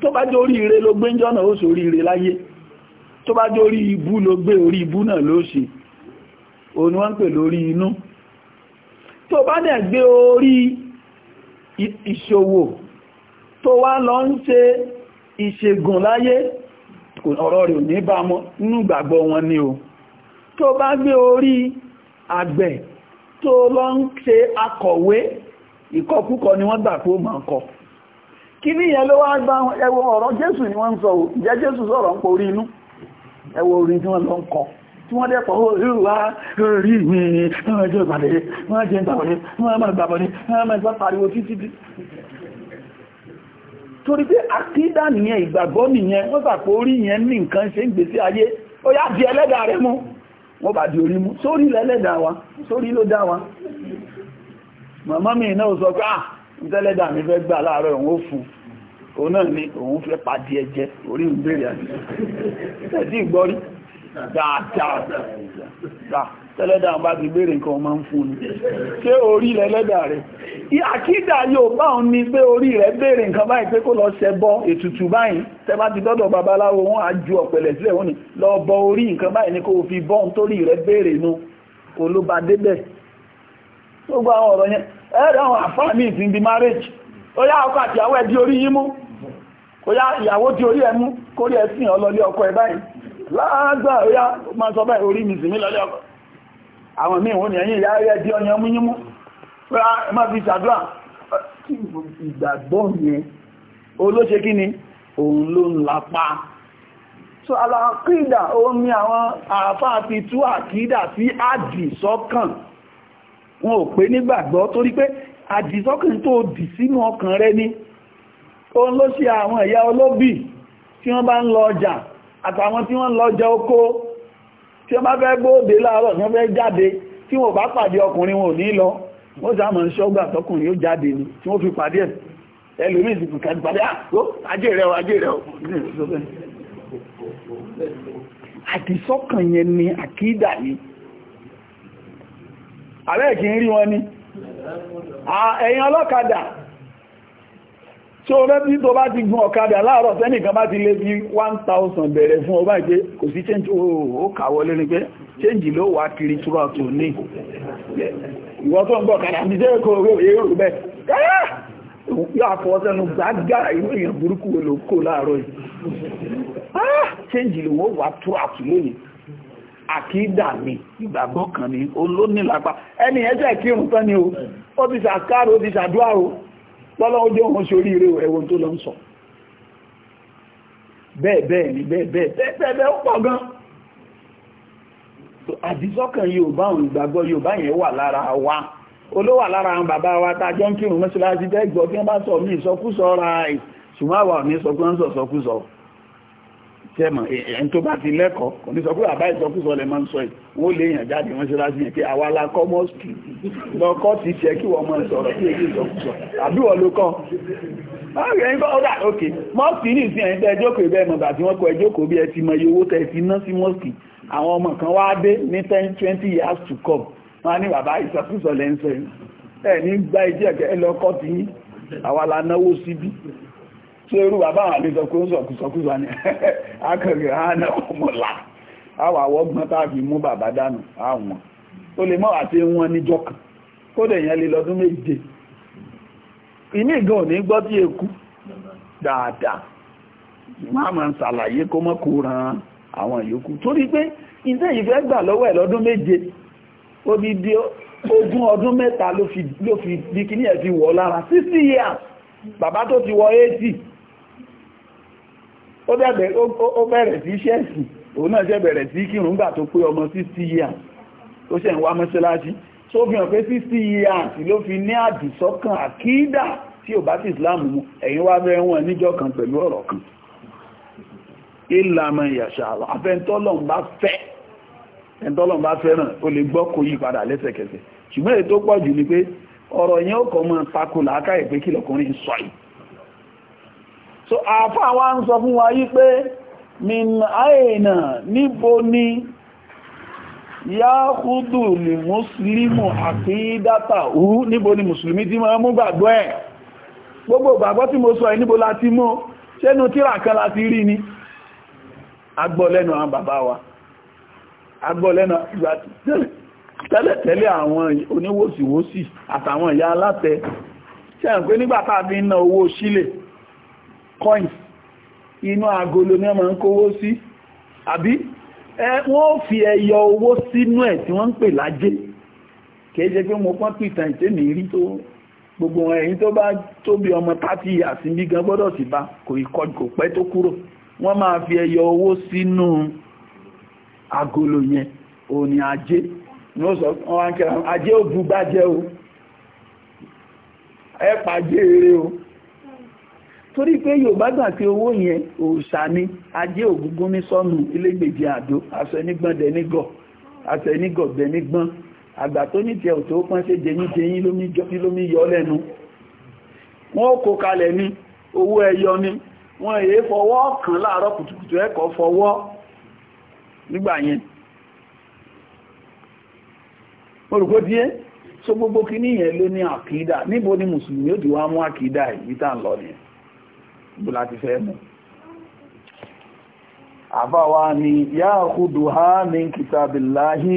tó bá jẹ́ orí ire ló gbéńjọ náà ó sórí ire láyé tó bá jẹ́ orí ibú ló gbé orí ibú náà ló ṣe òun wọ́n pè lórí inú tó bá dẹ̀ gbé orí ìṣòwò tó wá lọ ń ṣe ìṣègùn láyé ọ̀rọ̀ rẹ̀ ò ní bá mọ́ nínú ìgbàgbọ́ wọn ni o tó bá gbé orí àgbẹ̀ tó lọ ń ṣe akọ̀wé ìkọkúkọ ni wọ́n gbà pé ó máa kọ kí ní ìyẹn ló wá gbá ẹwọ ọ̀rọ̀ jésù ni wọ́n ń sọ ò jẹ́ jésù sọ̀rọ̀ ń porí inú ẹwọ orin tí wọ́n lọ ń kọ tí wọ́n dẹ́pọ̀ olúwa rí mi wọ́n jẹ́ ìpàdé wọ́n jẹ́ ìpàdé wọ́n máa gbàbọ̀ ní wọ́n máa gbà pariwo títí torí pé àkídà nìyẹn ìgbàgbọ́ nìyẹn wọ́n gbà pé orí yẹn ní nǹkan ṣe ń gbèsè ayé ó yá di ẹlẹ́dàá rẹ mú wọ́n bá di orí mú sórí lẹ́lẹ́dà wa sórí ló dá wa màmá mi náà sọ pé ah tẹ́lẹ́dà mi fẹ́ gbà láàárọ̀ òun ó fún òun náà ni òun fẹ́ pàdí ẹjẹ́ orí ń bèèrè àti ẹ̀dí ìgbọ́rí dáadáa tẹ́lẹ́dà bá ti béèrè nǹkan ọmọ ń fún ní orí rẹ̀ lẹ́dà rẹ̀ àkídà yóò bá òun ní pé orí rẹ̀ béèrè nǹkan báyìí pé kó lọ ṣẹbọ ètùtù báyìí ti dọ́dọ̀ babaláwo wọn ọ̀pẹ̀lẹ̀ sílẹ̀ wọn ni bọ báyìí kó ohun torí rẹ̀ nu ló débẹ̀ gbogbo àwọn ọ̀rọ̀ yẹn ẹ̀rẹ̀ àwọn ti àwọn míì wọ́n ni ẹ̀yìn ìyá rẹ̀ di ọyàn múyímú má fi ṣàdúrà ìgbàgbọ́ yẹn olóṣe kí ni òun ló ń lapa so alákídà òun ni àwọn àáfáà ti tú àkídà sí àdìsọ́kàn wọn ò pé nígbàgbọ́ torí pé àdìsọ́kàn tó dì sínú ọkàn rẹ ni òun ló ṣe àwọn ẹ̀yà olóbì tí wọ́n bá ń lọ ọjà àtàwọn tí wọ́n lọ ọjà oko tí wọ́n bá fẹ́ gbóòdé láàárọ̀ tí wọ́n fẹ́ jáde tí wọ́n bá pàdé ọkùnrin wọn ò ní lọ wọ́n sá mọ̀ ń ṣọ́gbà tọkùnrin yóò jáde ni tí wọ́n fi pàdé ẹ̀ ẹlòmíì sì kàn pàdé ah, ajé rẹ̀ o ajé rẹ̀ o àdìsọ́kàn yẹn ni àkídà ni àbẹ́ẹ̀kì ń rí wọn ni ẹ̀yin ọlọ́kadà tí ó rẹ́bí tó bá ti ọ̀kadà láàárọ̀ bá ti lé bí 1000 bẹ̀rẹ̀ fún ọba ìpé kò sí change ó kàwọlé ní pé change ló wà kiri túrọ̀tù ní ìwọ tó ń gbọ́ ní ah! ah! àkídà mi ìgbàgbọ́ kan ni ẹni ẹjẹ́ tán ni o ó ti lọ́lọ́wọ́ jẹ́ òun ṣe oríire ẹ̀wọ̀n tó lọ ń sọ bẹ́ẹ̀ bẹ́ẹ̀ ni bẹ́ẹ̀ bẹ́ẹ̀ bẹ́ẹ̀ bẹ́ẹ̀ ó pọ̀ gan àdìsọ́kàn Yorùbá òun ìgbàgbọ́ Yorùbá yẹn wà lára wa olówà lára àwọn bàbá wa tàjọ ń kírun mọ́síláṣí tẹ́gbọ́ tí wọ́n bá sọ mí ìsọkúsọ ra ẹ̀ ṣùgbọ́n àwọn ní sọkúnsọ̀ sọkúsọ sẹ́mọ̀ èyàn tó bá ti lẹ́kọ̀ọ́ kò ní sọ pé àbá ìsọkúsọ lẹ máa ń sọ yìí wọ́n lè yàn jáde wọ́n ṣe láti yàn pé àwa la kọ́ mọ́sùkì lọ́kọ́ ti ṣẹ́ kí wọ́n mọ́ sọ̀rọ̀ sí èyí ìsọkúsọ àbí wọ́n ló kọ́ ok mọ́sùkì ní ìsìn ẹ̀yìn tẹ́ ẹ jókòó bẹ́ẹ̀ mọ̀ bàtí wọ́n kọ ẹ jókòó bí ẹ ti mọ iye owó tẹ́ ẹ ti ná sí mọ́sùkì àwọn ọmọ kan wá dé ní ten twenty years to come wọ́n á ní bàbá ìsọkúsọ lẹ́ ń sọ yìí ẹ̀ ní gbá ìjẹ́ ẹ̀kẹ́ ẹ lọ́kọ́ ti yín àwa la náwó síbí tí orú bàbá àwọn àdísọkú ń sọkúsọkúsọ ní akẹ̀rẹ̀ àánà ọmọlá àwọ̀ àwọ̀gbọ́n tàbí mú bàbá dànù àwọn o lè mọ́ àti wọn níjọ́ kan kódà èèyàn lè lọ́dún méje ìní ìgan ò ní gbọ́ tí eku dáadáa máa ma ń ṣàlàyé kó mọ́ kó ran àwọn ìyókù torí pé iṣẹ́ yìí fẹ́ gbà lọ́wọ́ ẹ̀ lọ́dún méje ó di ogún ọdún mẹ́ta ló fi bí ẹ̀ fi wọ̀ lára 60 years bàbá tó ti wọ 80 ó dẹ̀bẹ̀ ó bẹ̀rẹ̀ sí ṣẹ́ẹ̀sì òun náà jẹ́ bẹ̀rẹ̀ sí kírun gbà tó pé ọmọ 60 years tó ṣẹ̀ ń wá mọ́ṣáláṣí tó fi hàn pé 60 years ló fi ní àdìsọ́kàn àkídà tí ò bá ti Islam mu ẹ̀yin wá bẹ́ẹ̀ wọn níjọ́ kan pẹ̀lú ọ̀rọ̀ kan ìlàmọ̀ ìyàṣàlọ́ afẹ́ntọ́lọ́n bá fẹ́ ẹ̀ntọ́lọ́n so àfá wa ń sọ fún wa yí pé min àìnà níbo ni yá kúdù lè mùsùlùmù àti dátà hú níbo ni mùsùlùmí tí máa mú gbàgbọ́ ẹ̀ gbogbo gbàgbọ́ tí mo sọ ẹ̀ níbo láti mú ṣẹ́nu tíra kan láti rí ni agbọ́lẹ́nu àwọn bàbá wa agbọ́lẹ́nu tẹ́lẹ̀tẹ́lẹ̀ àwọn oníwòsíwòsí àtàwọn ìyá alátẹ ṣẹ́ ń pé nígbàtà bí ń ná coins inú agolo ní ọmọ ń kówó sí àbí wọ́n fi ẹyọ owó sínú ẹ̀ tí wọ́n ń pè lájé kìí ṣe pé mo pọ́n pìtàn ìtẹ́mì rí tó gbogbo ẹ̀yìn tó bá tóbi ọmọ tàbí àsìnbí gan gbọ́dọ̀ sì bá kò ìkọjù pẹ́ tó kúrò wọ́n máa fi ẹyọ owó sínú agolo yẹn òní ní ó ajé ò bá jẹ́ o ẹ pàjé eré o torí pé Yorùbá gbà pé owó yẹn òòṣà ni ajé ògúngún ní sọ́nù ilégbèjì àdó aṣọ ẹnigbọ́ndẹ nígọ̀ aṣọ ẹnigọ̀gbẹ nígbọ́n àgbà tó ní tiẹ̀ òtó pọ́n ṣe jẹyìn jẹyìn lómi yọ lẹ́nu wọ́n kó kalẹ̀ ní owó ẹyọ ní wọ́n èé fọwọ́ kàn láàárọ̀ kùtùkùtù ẹ̀kọ́ fọwọ́ nígbà yẹn orùkó so gbogbo kí níyẹn ló ní àkídà níbo ni mùsùlùmí ó di wá mú àkídà ìyí tá ń lọ nìyẹn bó láti fẹ́ mú àbáwá ni yá àkúdù ha min kìtàbìláhí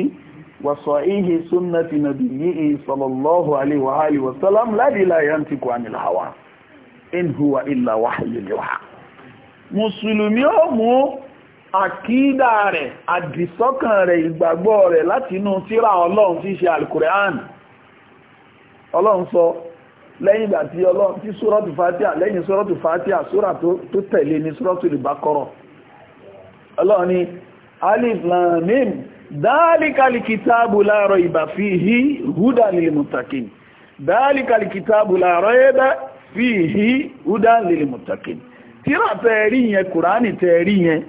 wa sahihi sunnati nabiyyi sallallahu alaihi wa alihi wa sallam ladi la yantiqu anil hawa in huwa illa wahyun yuha mùsùlùmí ó mú àkídà rẹ̀ àdìsọ́kàn rẹ̀ ìgbàgbọ́ rẹ̀ látinú tírà ọlọ́run tí ṣe alkùrẹ́ánì lẹ́yìn ìgbà tí ọlọ́run tí sórọ́tù fatia lẹ́yìn sórọ́tù fatia sóra tó tẹ̀lé ní sórọ́tù ìbákọ́rọ̀ ọlọ́run ni alif lam mim dáálíkàlì kìtàbù láàrọ̀ ìbà fi hí húdà lil muttaqin dáálíkàlì kìtàbù láàrọ̀ ẹ̀dá fi hí húdà lil muttaqin tíra tẹ̀rí yẹn kùránì tẹ̀rí yẹn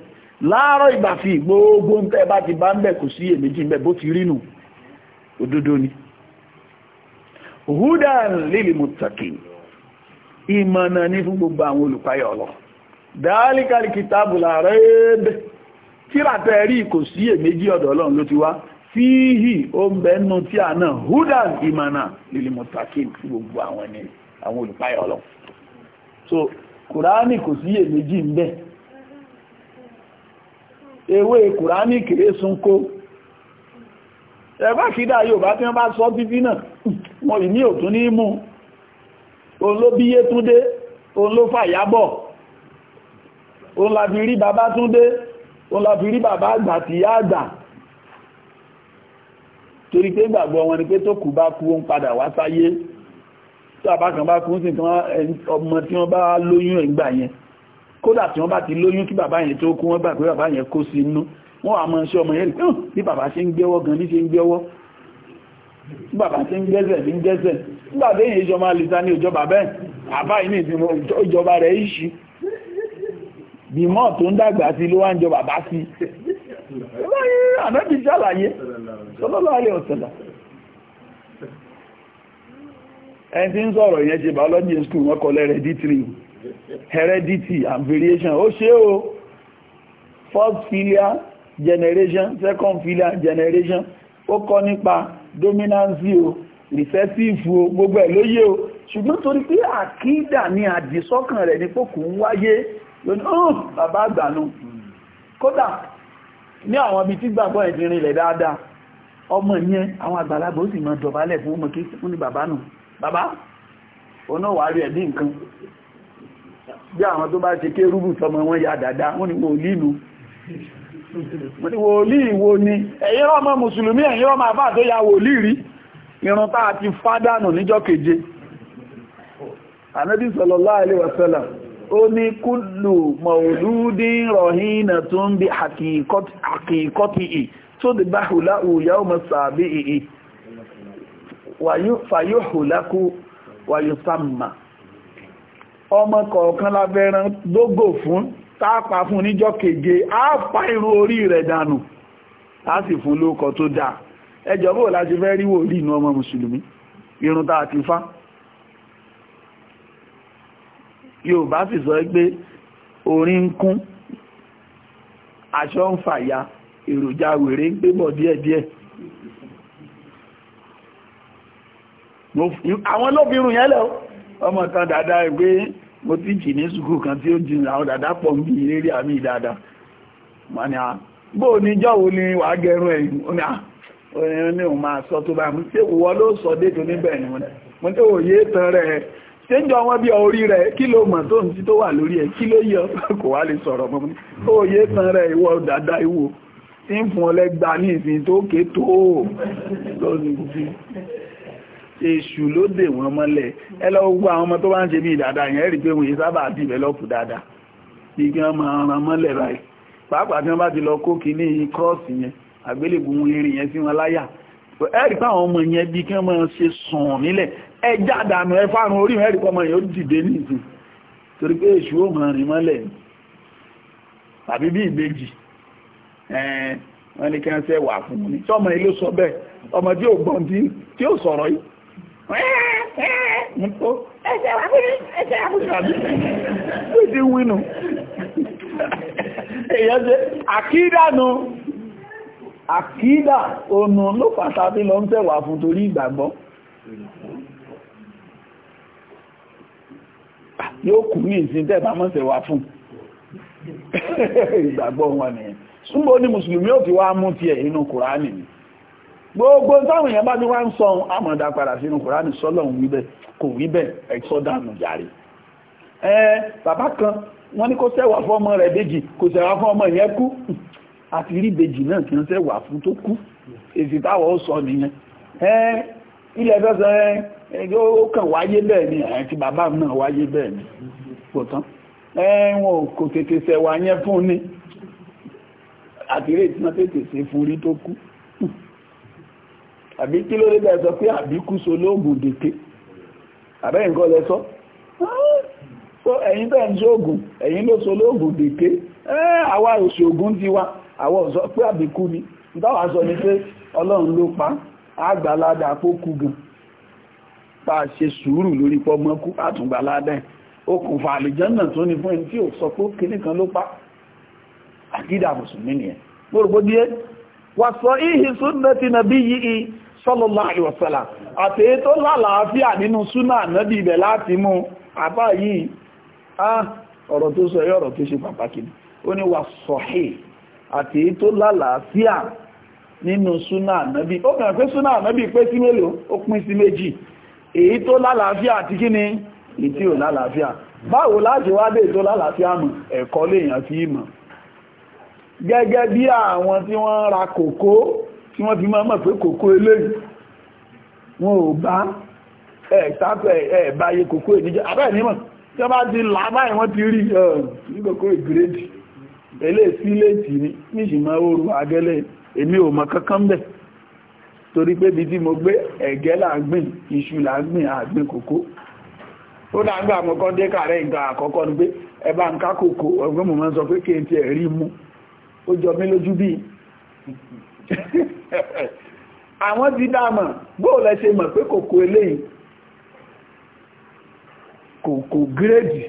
láàrọ̀ ìbà fi gbogbo ń tẹ́ bá ti bá ń hudan lili muttaqin ìmọ̀nà ní fún gbogbo àwọn olùpáyọ̀ ọlọ́ dáálíkàlì kìtàbù láàrẹ́ ẹ̀ẹ́bẹ̀ tíràtẹ̀ rí kò sí èméjì ọ̀dọ̀ ọlọ́run ló ti wá fíhì ó ń bẹ nù tí a náà hudan ìmọ̀nà lil muttaqin fún gbogbo àwọn ẹni àwọn so kùránì kò sí èméjì ń bẹ ewé kùránì kéré sunko ẹgbẹ́ kìdá yóò bá tí wọ́n bá sọ títí náà wọn ìní òtún ní mú òun ló bíyé túndé òun ló fàyábọ̀ òun la fi rí bàbá túndé òun la fi rí bàbá àgbà tí yá àgbà torí pé gbàgbọ́ wọn ni pé tó kù bá kú ó ń padà wá sáyé tó àbákan bá kú sí ọmọ tí wọ́n bá lóyún ìgbà yẹn kódà tí wọ́n bá ti lóyún kí bàbá yẹn tó kú wọ́n gbà pé bàbá yẹn kó sí inú wọ́n àmọ́ ṣe ọmọ yẹn bí bàbá ṣe ń gbẹ́wọ́ gan ní ṣe ń gbẹ́wọ́ bàbá tí ń gẹ́sẹ̀ tí ń gẹ́sẹ̀ nígbàtí èyàn ìjọba lìta ní ìjọba bẹ́ẹ̀ àbá ìní ìjọba rẹ̀ ìṣì bímọ́ tó ń dàgbà sí ló wá ń jọ bàbá sí ànábì ṣàlàyé sallallahu alaihi wasallam ẹni tí ń sọ̀rọ̀ ìyẹn ṣe biology school wọ́n kọ́ hereditary heredity and variation ó ṣe o first filial generation second filial generation ó kọ́ nípa dominance o recessive o gbogbo ẹ̀ lóyé o ṣùgbọ́n torí pé àkídà ni àdìsọ́kàn rẹ̀ ní pòkù ń wáyé lónìí ó bàbá àgbànú kódà ní àwọn ibi tí gbàgbọ́ ẹ̀ ti rinlẹ̀ dáadáa ọmọ yẹn àwọn àgbàlagbà ó sì máa dọ̀bálẹ̀ fún ọmọ kéèkì fún ní bàbá nù bàbá ọ̀nà wà rí ẹ̀dí nǹkan bí àwọn tó bá ṣe kérúbù tọmọ wọn ya wòlíì wo ni ọmọ mùsùlùmí ẹ̀yin ọmọ àbá ya wòlíì rí irun táà ti fádànù níjọ́ keje Ànábì sallallahu alaihi ó ní kúlù mọ̀lúdín rọ̀hínà tó ń bí àkìkọ́tì ì tó dì bá hùlá òyà ọmọ sàbí ì wàyó táàpá fún níjọ́ keje á pa irun orí rẹ̀ dànù á sì fún lóòkọ tó dáa ẹjọ́ bóò láti fẹ́ rí wòlíì inú ọmọ mùsùlùmí irun tá a ti fá Yorùbá sì sọ pé orí ń kún aṣọ ń fàya èròjà wèrè ń gbé bọ̀ díẹ̀díẹ̀ àwọn lóbìnrin yẹn lẹ́ ọmọ kan dáadáa ìgbé mo ti jì ní sùkúù kan tí ó jì àwọn dàdá pọ̀ ń bí ìrírí àmì ìdàdà ma ni a bó ní jọ́wó ni wà gẹrun ẹ̀yìn ó ní à orin ní òun máa sọ tó bá mú tí wọ́n ló sọ déètò níbẹ̀ ni mo ní òye tán rẹ̀ ṣé ń jọ wọn bí orí rẹ̀ kí ló mọ̀ tó ń ti tó wà lórí ẹ̀ kí ló yọ kò wá lè sọ̀rọ̀ mọ́ òye tán rẹ̀ ìwọ dàdá ìwò tí ń fún ọlẹ́gbà ní ìsìn tó ké tó lónìí èṣù ló dè wọ́n mọ́lẹ̀ ẹ lọ gbogbo àwọn ọmọ tó bá ń ṣe bí dáadáa yẹn rí pé wọ́n yìí sábà dìvẹ́lọ́pù dáadáa bí kí wọ́n máa ran mọ́lẹ̀ báyìí pàápàá tí wọ́n bá ti lọ kó kí ní kírọ́ọ̀sì yẹn àgbélébùn irin yẹn sí wọn láyà ẹ rí pé àwọn ọmọ yẹn bí kí wọ́n máa ṣe sùn nílẹ̀ ẹ jádàánú ẹ fárun orí ẹ rí ọmọ yẹn ó dìde ní ìsìn torí pé ẹ̀ṣẹ̀ àbúrò ẹ̀ṣẹ̀ àbúrò àbí ẹ̀ṣẹ̀ wínú èyàn ṣe àkídànù àkídà ònù ló pàtàkì lọ ń tẹ̀wà fún torí ìgbàgbọ́ yóò kù ní ìsìn tẹ́bà mọ́ tẹ̀wà fún ìgbàgbọ́ wọn nìyẹn súnbọ́ ní mùsùlùmí ò ti wá mú ti ẹ̀ inú kùránì ni gbogbo táwọn èèyàn bá ní wá ń sọ ohun àmọ̀dá padà sínú kòránì sọ́lọ̀hún wíbẹ̀ kò wíbẹ̀ ẹ̀sọ́dànù jàre ẹ bàbá kan wọ́n ní kó sẹ́wà fún ọmọ rẹ̀ bèjì kò sẹ́wà fún ọmọ yẹn kú àti rí bèjì náà kí wọ́n sẹ́wà fún tó kú èsì táwọn ó sọ nìyẹn ẹ ilẹ̀ fẹ́sẹ̀ ẹ ó kàn wáyé ni àti bàbá náà wáyé bẹ́ẹ̀ ni kò tán ẹ wọn kò tètè àbí kí ló lébẹ̀ sọ pé àbíkú so lóògùn dèké àbẹ́yìn kọ́ lẹ so ẹ̀yin tẹ́ ń ṣoògùn ẹ̀yin ló so lóògùn dèké àwa òṣògùn ti wa àwa ò sọ pé àbíkú ni nítawà sọ ni pé ọlọ́run ló pa àgbàládà pókú gan pa ṣe sùúrù lórí pọ́mọ́kú àtùgbàládà okùnfà àlùjànnà tó ní fún ẹni tí ò sọ pé kíní kan ló pa àkídà mùsùlùmí nìyẹn gbogbo díẹ̀ wà sọ ìhì súnnà ti nàbí yìí sallallahu alaihi wasallam àti tó lálàáfíà nínú súnà náàbì ibẹ̀ láti mú àbá yìí ọ̀rọ̀ tó sọ ọ̀rọ̀ tó ṣe pàtàkì ó ní wà sahih àti tó lálàáfíà nínú súnà náàbì ó kàn pé súnà náàbì pé sí mélòó ó pín sí méjì èyí tó lálàáfíà àti kí ni èyí tí ò lálàáfíà báwo láti wá dé tó lálàáfíà tí wọ́n fi máa mọ̀ pé kòkó eléyìí wọn ò bá ẹ̀ẹ́sáfẹ́ ẹ̀ẹ́báyé kòkó ènìjẹ́ abẹ́ ìnímọ̀ tí wọ́n bá ti làbá ìwọ́n ti rí ní kòkó ìgírèdì ó dágbà àmọ́kọ́ dé kààrẹ ìgbà àkọ́kọ́ ní pé ń ká kòkó ọgbọ́n mọ̀ sọ pé ẹ̀rí mú àwọn ti dámọ̀ bóò lẹ ṣe mọ̀ pé kòkó eléyìí kòkó gírèdì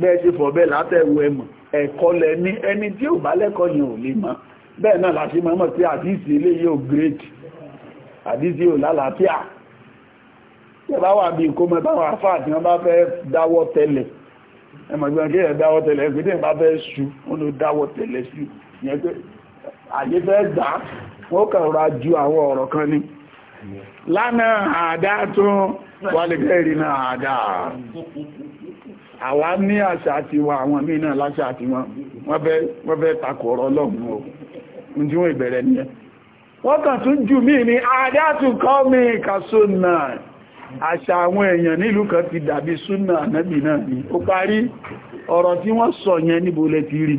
bẹ́ẹ̀ ṣe fọ̀ bẹ́ẹ̀ látẹ̀wò ẹmọ̀ ẹ̀kọ́ lẹ ní ẹni tí ò bá lẹ́kọ̀ọ́ yẹn ò lè mọ̀ bẹ́ẹ̀ náà láti mọ̀ pé àdísì eléyìí ò gírèdì àdísì ò lálàáfíà tẹ́bá wà bí kó mọ́ táwọn àfáà tí wọ́n bá fẹ́ dáwọ́ tẹ́lẹ̀ ẹmọ̀gbọ́n kí ẹ̀ dáwọ́ tẹ́lẹ̀ ẹgbẹ́ tí wọ́n bá fẹ́ ṣú wọ́n ló dáwọ́ tẹ́lẹ̀ sí ìyẹn pé àyè fẹ́ gbà wọ́n kàn ra ju àwọn ọ̀rọ̀ kan ni lánàá àdá tún wálẹ̀kẹ́ ìrìnà àdá àwa ní àṣà ti wa àwọn míì náà láṣà ti wọn wọ́n fẹ́ takò ọ̀rọ̀ lọ́hùn o ní tí wọ́n ìbẹ̀rẹ̀ ní ẹ wọ́n kàn tún jù àṣà àwọn èèyàn nílùú kan ti dàbí súnà ànábì náà ni ó parí ọ̀rọ̀ tí wọ́n sọ yẹn níbo lẹ ti rí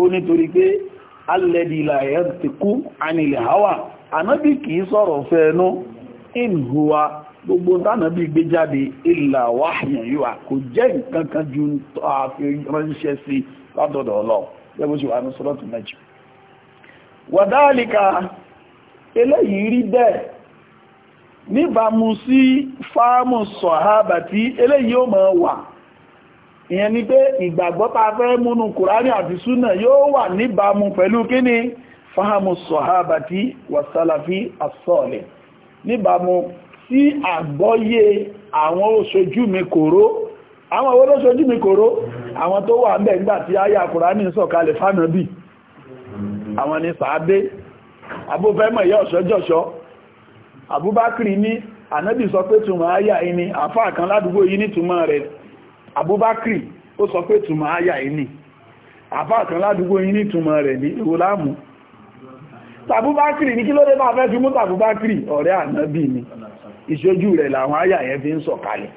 ó nítorí pé alẹ́dìlà ẹ̀ ti kú anìlẹ̀ hawa anábì sọrọ sọ̀rọ̀ fẹ́ẹ̀nú ìhùwà gbogbo tánàbì gbé jáde ìlà wáhìyàn yíwa kò jẹ́ nǹkan ju ránṣẹ́ sí wadalika ri sí fáàmù sọ̀hábà tí eléyìí ó máa wà ìyẹn ni pé ìgbàgbọ́ ta fẹ́ múnú kùránì àti súnà yóò wà níbàámu pẹ̀lú kíni fahamu sọ̀hábàtí wàsálàfí àsọ̀ọ̀lẹ̀ níbàámu sí àgbọ́yé àwọn òṣojú mi kòró àwọn owó lóṣojú mi kòró àwọn tó wà ńbẹ̀ nígbà kùránì sọ̀kalẹ̀ ni abúfẹ́mọ̀ ìyá ọ̀ṣọ́jọ́ṣọ́ ní sọ pé túnmọ̀ Abubakri ó sọ pé túmọ̀ àyà yìí ni àfáà kan ládùúgbò yín ní túmọ̀ rẹ̀ ní ìwò láàmú tàbúbákìrì ní kí ló dé máa fẹ́ fi mú tàbúbákìrì ọ̀rẹ́ ànábì ni ìṣojú rẹ̀ làwọn àyà yẹn fi ń sọ̀kalẹ̀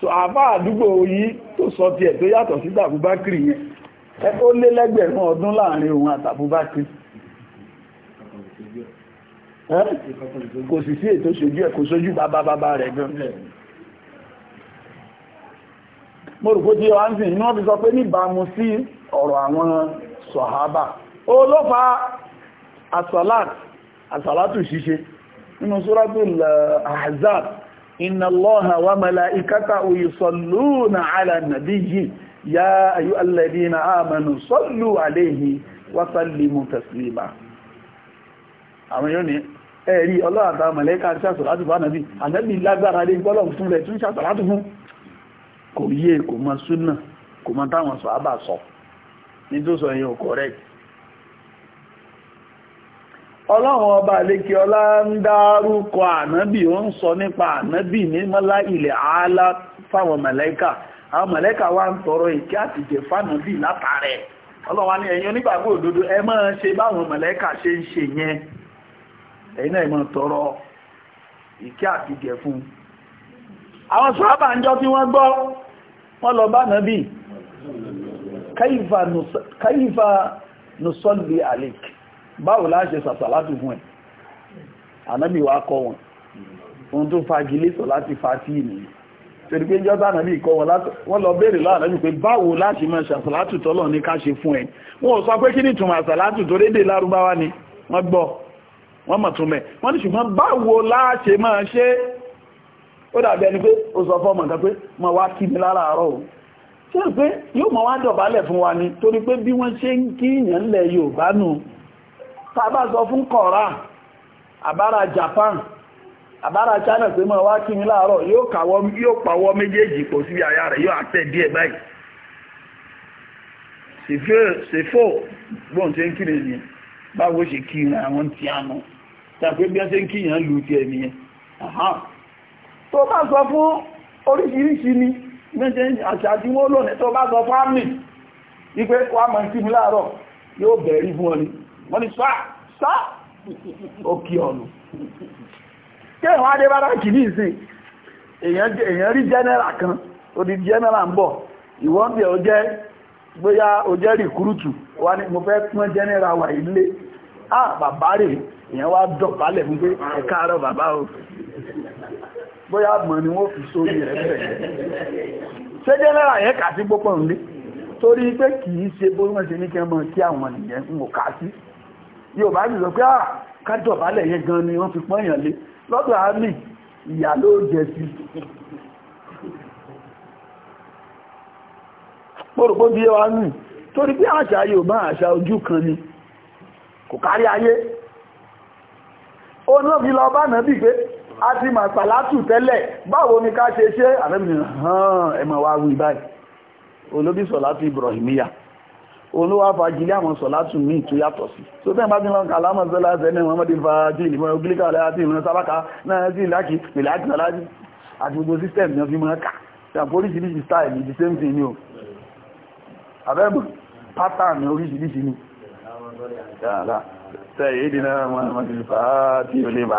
so àfá àdúgbò yìí tó sọ tiẹ̀ tó yàtọ̀ sí tàbúbákìrì yẹn ẹ ó lé lẹ́gbẹ̀rún ọdún láàrin òun àtàbúbákìrì kò sì sí ètò ṣojú ẹ̀ kò sójú bàbá rẹ̀ gan Mgbe rukutu ya ọhanti nnwa ofisi ọkpọọ i ba amusi ọrụ amụ sọhaba o lo fa asaladu asalatu ọnụ sọladu la hahadza ina al-lọra waa mala ika taa na ala n'adịghị ya ayu ala ịdị na ama n'osọlụ alehị wata limu taslima. A ma yi nwere n'eli ala ọrụ ala ịdị na ama n'aka alịsa sọladu ha anadịghị ana mba ila zaa kò yé kò mọ súnà kò mọ táwọn sọ àbà sọ ní tó sọ yẹn ò correct ọlọ́run ọba àlékè ọlá ń dárúkọ ànábì ó ń sọ nípa ànábì ní mọ́lá ilẹ̀ àálá fáwọn mẹ̀lẹ́kà àwọn mẹ̀lẹ́kà wá ń tọrọ ìkẹ́ àtìjẹ́ fánàbì látàrẹ ọlọ́wà ní ẹ̀yin onígbàgbọ́ òdodo ẹ máa ṣe báwọn mẹ̀lẹ́kà ṣe ń ṣe yẹn ẹ̀yin náà máa tọrọ ìkẹ́ àtìjẹ́ fún àwọn sọ́ábà ń jọ tí wọ́n gbọ́ wọ́n lọ bá nàbí kaifa nusalli alik báwo la ṣe sàṣàlátù fún ẹ̀ ànábì wá kọ́ wọn ohun tó fagilé sọ láti fàtí nìyí torí pé jọ́ta nàbí ìkọ́ wọn lọ béèrè láàrín pé báwo láti máa ṣàṣàlátù tọ́lọ̀ ní ká ṣe fún ẹ̀ wọn ò sọ pé kí ní túnmọ̀ àṣàlátù ó dàbí ẹni pé ó sọ fọ́ mọ̀ká pé ma wá kí mi lára o ṣe é pé yóò fún wa ni torí pé bí wọ́n ṣe ń kí ìyàn ńlẹ̀ Yorùbá nù a sọ fún kọ̀ọ̀rà àbára Japan àbára China pé ma wá kí mi láàárọ̀ yóò pàwọ́ méjèèjì kò síbi àyà rẹ̀ yóò àtẹ̀ díẹ̀ báyìí ṣe ń kiri ni ń kí tó bá sọ fún oríṣìíríṣìí ni méje àṣà lónìí tó bá sọ fún àmì wípé wà máa sí láàárọ̀ yóò bẹ̀rí fún ọ ni wọ́n ni sáà sáà òkè ọ̀nà kí adébára kì ní ìsìn èèyàn rí jẹ́nẹ́rà kan odi jẹ́nẹ́rà ń bọ̀ ìwọ́n bí jẹ́ wà ní mo fẹ́ pọ́n wà ilé ah, bóyá mọ̀ ni wọ́n fi sórí rẹ̀ bẹ̀rẹ̀ ṣé jẹ́nẹ́rà yẹn kà sí gbogbo ǹdí torí pé kì í ṣe bó wọ́n ṣe ní kí ọmọ kí àwọn nìyẹn ń wò ká sí yóò bá sì sọ pé à ah, kájọ̀bálẹ̀ yẹn gan ni wọ́n fi pọ́n èèyàn lé lọ́dọ̀ àmì ìyà ló jẹ sí pòròpó bí wá nù torí pé àṣà Yorùbá àṣà ojú kan ni kò kárí ayé ó náà fi lọ bá nàbí pé a ti mọ̀ sàlátù tẹ́lẹ̀ báwo ni ká ṣe ṣe àrẹ́bìnrin hàn ẹmọ̀ wa wí báyìí olóbi sọ̀látù ibrahimiya olówá fagilé àwọn sọ̀látù míì tó yàtọ̀ sí tó tẹ́ bá ti lọ kà lámọ̀ sọ́lá ẹ̀sẹ̀ ní wọ́n ti fàájì ìlú ogílíkà aláàtì ìlú sábàkà náà sí ìlàkì ìlàkì aláàtì àti gbogbo system ni wọ́n fi máa kà ṣàpọ̀ oríṣiríṣi style the same thing ni o àbẹ́bù pattern oríṣiríṣi ni tẹ̀yẹ́ dínà mọ́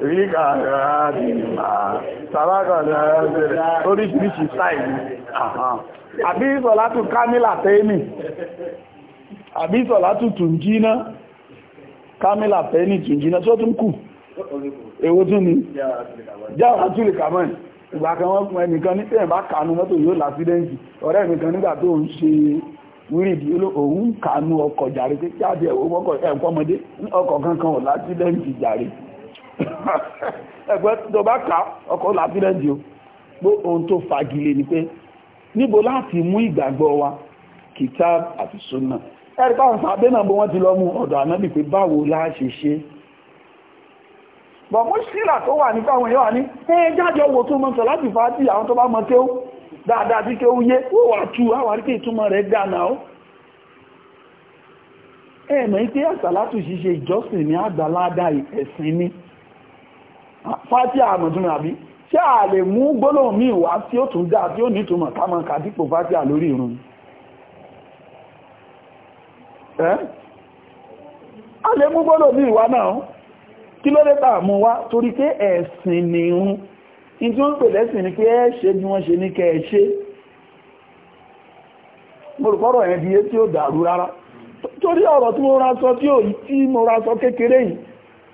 ríkà rárí sàbákọ̀dá oríṣiríṣi sáìlì àbí sọ̀látù kámílà tẹ́ẹ̀mì àbí sọ̀látù tùnjínà kámílà tẹ́ẹ̀mì tùnjínà tó tún kù èwo tún ni jáwà túlì kàmọ́ ìgbà kan wọ́n fún ẹnìkan ní tẹ́ẹ̀ bá kànú mọ́tò yóò lásídẹ́ǹtì ọ̀rẹ́ ẹnìkan nígbà tó ń ṣe wíìdì òun kànú ọkọ̀ jàre pé jáde ẹ̀wọ́ ọkọ̀ ọmọdé ọkọ̀ kankan ò lásídẹ́ǹtì jàre ẹgbẹ́ tó bá kà ọkọ̀ làbílẹ̀ǹdì o pé ohun tó fagilé ni pé níbo láti mú ìgbàgbọ́ wa kìtàb àti súnà ẹ̀rí báwọn sàbẹ́ náà bó wọ́n ti lọ mú ọ̀dọ̀ ànábì pé báwo láà ṣe ṣe bọ̀ mú sílà tó wà nípa àwọn èèyàn ní ẹ jájọ wo tó mọ́ sọ láti fà á tí àwọn tó bá mọ́ kéwú dáadáa tí kéwú yé ó wà tú àwárí pé ìtumọ̀ rẹ̀ gánà ó ẹ̀mọ̀ ipé àsàlátù ṣíṣe ìjọsìn ní àgbàládà ẹ̀sìn ni fátíà àmọ̀túnmọ̀ àbí tí a lè mú gbólóhùn míì wá tí ó tún dáa tí ó nítumọ̀ ká máa kà dípò fátíà lórí ìrun a lè mú gbólóhùn míì wá náà kí ló dé tàà mú wá torí pé ẹ̀sìn ni ìrun in tí ó ń pè lẹ́sìn ni pé ẹ ṣe bí wọ́n ṣe ní kẹ́ mo rò ẹ̀ bí é tí ó dàrú rárá torí ọ̀rọ̀ tí mo ra sọ tí ó yí tí mo ra sọ kékeré yìí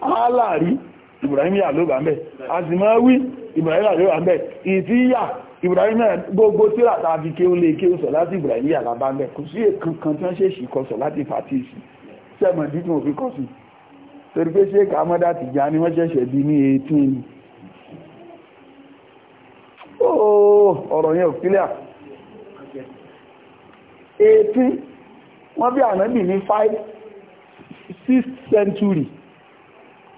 aláàrí Ibrahim yà ló bá ń bẹ̀ àzìmọ́wí Ibrahim yà ló bá ń bẹ̀ ìtíyà Ibrahim náà gbogbo tíra tàbí kí ó lè kí ó sọ láti Ibrahim yà lábá ń bẹ̀ kò sí èkankan tí wọ́n ṣe ṣì kọsọ̀ láti fàtíìsì sẹ́mọ̀ dídùn òfin kọ́ sí torí pé ṣe kàmọ́dá ti já ní wọ́n ṣẹ̀ṣẹ̀ bí ní 18 ooo ọ̀rọ̀ yẹn òfílẹ̀ 18 wọ́n bí ànábì century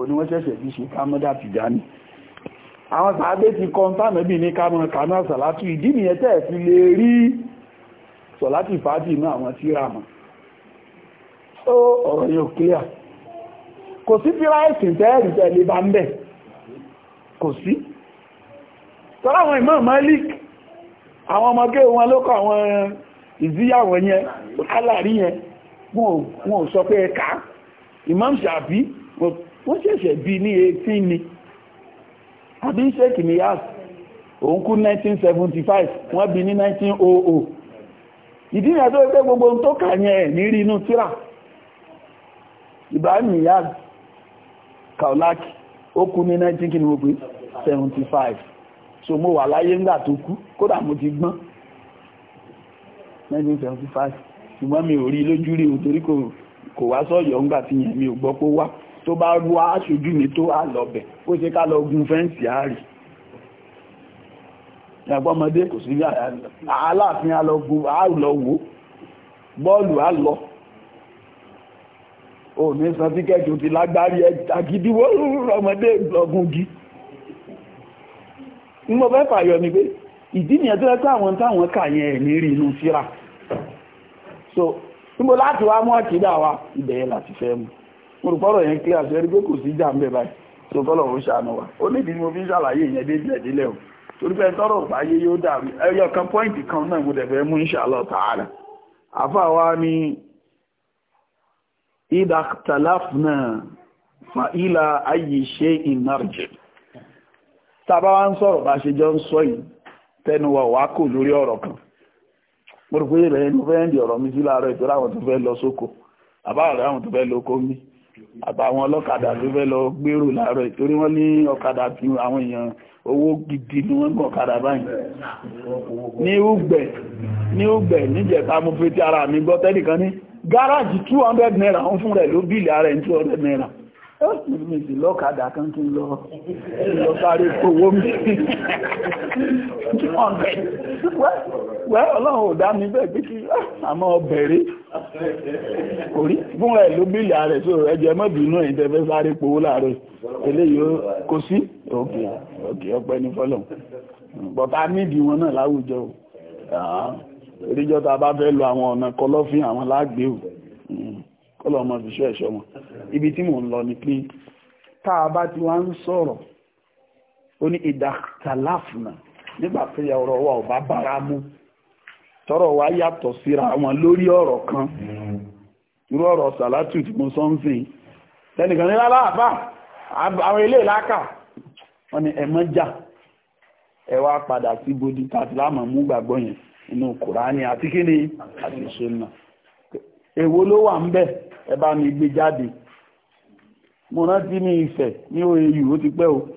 òní wọ́n ṣẹ̀ṣẹ̀ bí ṣe kámọ́dà Tìjàní àwọn sàábé ti kọ́ tánàbí ní kámọ́ kaná sàlátù ìdí nìyẹn tẹ́ fi lè rí sọ̀látì fàájì inú àwọn tíra ó ọ̀rọ̀ yóò clear kò sí tíra ẹ̀sìn tẹ́ẹ̀rì tẹ́lẹ̀ bá ń Imam Malik àwọn ọmọgé wọn ló kọ àwọn ìzíyàwó Imam Shafi wọ́n ṣẹ̀ṣẹ̀ bí ní 18 ni àbí sheik niyas òun kú 1975 wọ́n bí ní 1900 ìdí ìyà tó pé gbogbo tó kà yẹn ẹ̀ ní rí inú tíra Ibrahim niyas Kaolaki ó kú ní 1975 so mo wà láyé ńgbà tó kú kódà mo ti gbọ́n 1975 ṣùgbọ́n mi ò rí lójú rí òun torí kò wá sọ́yọ̀ ńgbà tí yẹn mi ò gbọ́ pé wá tó bá rú aṣojú mi tó á lọ́bẹ̀ ó ṣe ká lọ gun fẹ́ǹsì àárí ẹgbọ́mọdé kò sí aláàfin alọ́gun àálọ́wò bọ́ọ̀lù àlọ́ ò ní san tíkẹ́ẹ̀tì ti lágbárí àgídíwó ọmọdé lọ́gúngi ní mo fẹ́ fàyọ ni pé ìdí nìyẹn tó ẹ́kọ́ àwọn táwọn kàyẹn ẹ̀ ní rí inú síra so níbo láti wá mọ́ ọ̀kídà wa ìbẹ̀yẹ láti fẹ́ mú mọ̀rùpọ̀rọ̀ yẹn clear sí ẹni pé kò sí jà ń bẹ̀ báyìí tó kọ́lọ̀ ó ṣàánú wa ó nídìí ni mo fi ń ṣàlàyé ìyẹn délẹ̀ délẹ̀ o torí pé tọ́rọ̀ báyé yóò dàbí ẹyọ kan pọ́ìntì kan náà mo dẹ̀fẹ́ mú inshallah ta'ala àfa wa ni ìdá tàláfùnà fa ìlà ayé ṣe ìnàrjẹ̀ tàbá wa ń sọ̀rọ̀ bá ṣe jọ ń sọ yìí tẹnu wa wá kò lórí ọ̀rọ̀ kan mo rò pé ìrẹ̀yìn mo fẹ́ ń di ọ̀rọ̀ mi sí láàárọ̀ ìtura àwọn tó fẹ́ lọ sóko àbá ọ̀rẹ́ àwọn tó fẹ́ lóko mi àbáwọn ọlọ́kadà tó fẹ́ lọ gbèrò láàárọ̀ ìtorí wọ́n ní ọ̀kadà tí àwọn èèyàn owó gidi ni wọ́n gbọ̀n ọ̀kadà báyìí ní Ùgbẹ̀ ní Ùgbẹ̀ níjẹ̀ta mo fi ti ara mi gbọ́ tẹ́nìkan ní gáràjì 200 naira fún rẹ̀ ló bílì ara ẹ̀ 200 naira mi sì lọ́kadà kan kí n lọ lọ sáré kówó mi wẹ́ ọlọ́run ò dá mi bẹ́ẹ̀ pé kí àmọ́ ọbẹ̀rẹ̀ kò rí fún ẹ̀ ló bí ìyá rẹ̀ sóò ẹjẹ mọ́bìnú ẹ̀yìn tẹ́fẹ́ sáré kówó láàárọ̀ eléyìí kò sí òkè òkè ọpẹ́ ní fọ́lọ̀ bọ̀tá nídìí wọn náà láwùjọ ìríjọ́ta ah, bá fẹ́ lo àwọn ọ̀nà kọlọ́fín àwọn lágbèé hmm ọlọ́mọ ìṣọ́ ẹ̀ṣọ́ wọn ibi tí mò ń lọ ni pé tá a bá ti wá ń sọ̀rọ̀ ó ní ìdàkàláfùnà nígbà tó yà ọ̀rọ̀ wa ò bá bára mu tọ́rọ̀ wa yàtọ̀ síra wọn lórí ọ̀rọ̀ kan irú ọ̀rọ̀ sàlátù tí mo sọ ń sìn tẹnìkan ní rárá àwọn ilé ìlàkà wọn ni ẹ̀mọ́ jà ẹ wá padà sí bodi tàbí láàmú mú gbàgbọ́ yẹn inú kùránì àti kíni àti ìṣúná èwo ló wà ń bẹ́ẹ̀ ẹ mi gbé jáde mo rántí ní Ifẹ̀ ní OAU ó ti pẹ́ o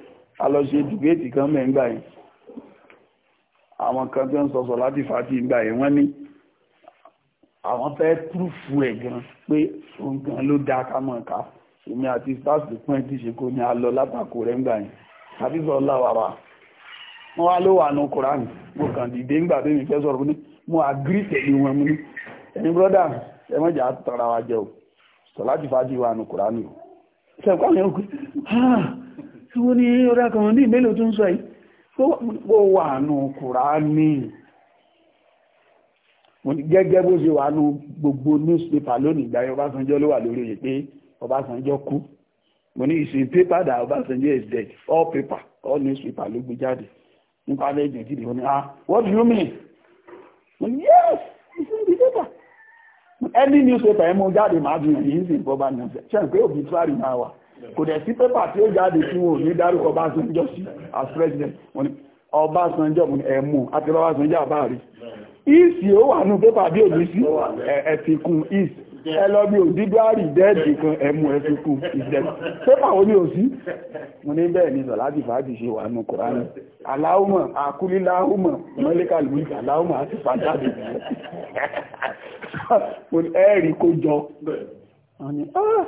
a lọ ṣe dìbéètì kan mẹ́ngbà yẹn àwọn kan tó ń sọ̀sọ̀ láti fàájì ìgbà yẹn wọ́n ní àwọn fẹ́ túrùfù ẹ̀ gan pé òun gan ló dáa ká mọ̀ ká èmi àti stars pín tí ṣe kó ní a lọ látàkó rẹ̀ ńgbà yẹn àti sọ láwàwà wọ́n wá ló wà ní Kùránì mo kàn dìde ńgbà tó mi fẹ́ sọ̀rọ̀ mo ní mo àgírí tẹ̀lé wọn mo ẹ̀yin brọ́dà ẹ mọ̀jà tọ́ra wa jẹ́ o sọ̀láti fàájì wà nù kùránì ṣẹ̀kọ́ yẹn kú tí ah, wọ́n ní ọ̀rẹ́ kan ní ìmẹ́lẹ̀ tó ń sọ yìí ó wà nù kùránì gẹ́gẹ́ bó ṣe wà nù gbogbo newspaper lónìí ìgbà yẹn Ọbásanjọ́ ló wà lórí yìí pé Ọbásanjọ́ kú mo ní ìsìn paper that Ọbásanjọ́ is dead all paper all newspaper ló gbé jáde nípa lẹ́jọ́ ìdílé wọn ni ah what do you mean? yes it's in the Any newspaper ẹ mú jáde máa ju ìyìn sí ìbọba nìyẹn ṣe ń pé obituary máa wà kò dẹ̀ sí pépà tí ó jáde tí wọn ò ní dárúkọ Ọbásanjọ́ sí as president wọn ni Ọbásanjọ́ ẹ̀mú àti Ọbásanjọ́ àbáàrí ìsì ó wà nù pépà bí òbí sí ẹ̀fìkún ìsì ẹ lọ bí òdígbárì dẹ́ẹ̀dì kan ẹmu ẹfi kú ìdẹ́ pépà wo ni ò sí mo ní bẹ́ẹ̀ ni sọ̀lá ti fàájì ṣe wà nù kùránì aláwùmọ̀ àkúlíláwùmọ̀ mọ́lẹ́kàlùmíkà aláwùmọ̀ àti fàjáde ẹ̀rí kó jọ ah,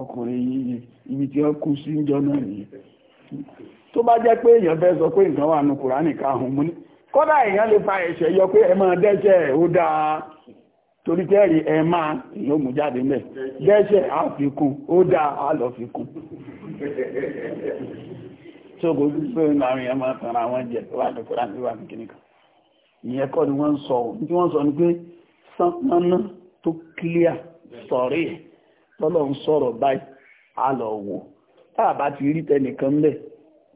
ọkùnrin yìí ibi tí wọ́n kú sí ń jọ náà nìyí tó bá jẹ́ pé èèyàn fẹ́ sọ pé nǹkan wà nù kùránì káhùn mú ní kódà èèyàn lè fa ẹ̀ṣẹ̀ yọ pé ẹ máa dẹ́ṣẹ̀ torí tẹ́rì ẹ máa yóò mú jáde mẹ́ dẹ́ṣẹ̀ àfikún ó dá àlọ́fikún tó kò tí pé láàrin ẹmọ tàrà àwọn jẹ wà ní kúrò àti ni wọ́n sọ tí wọ́n sọ ní pé sánmọ́ná tó kílíà sọ̀rí tọ́lọ̀ ń sọ̀rọ̀ báyìí àlọ́wò táàbá ti rí tẹnìkan mẹ́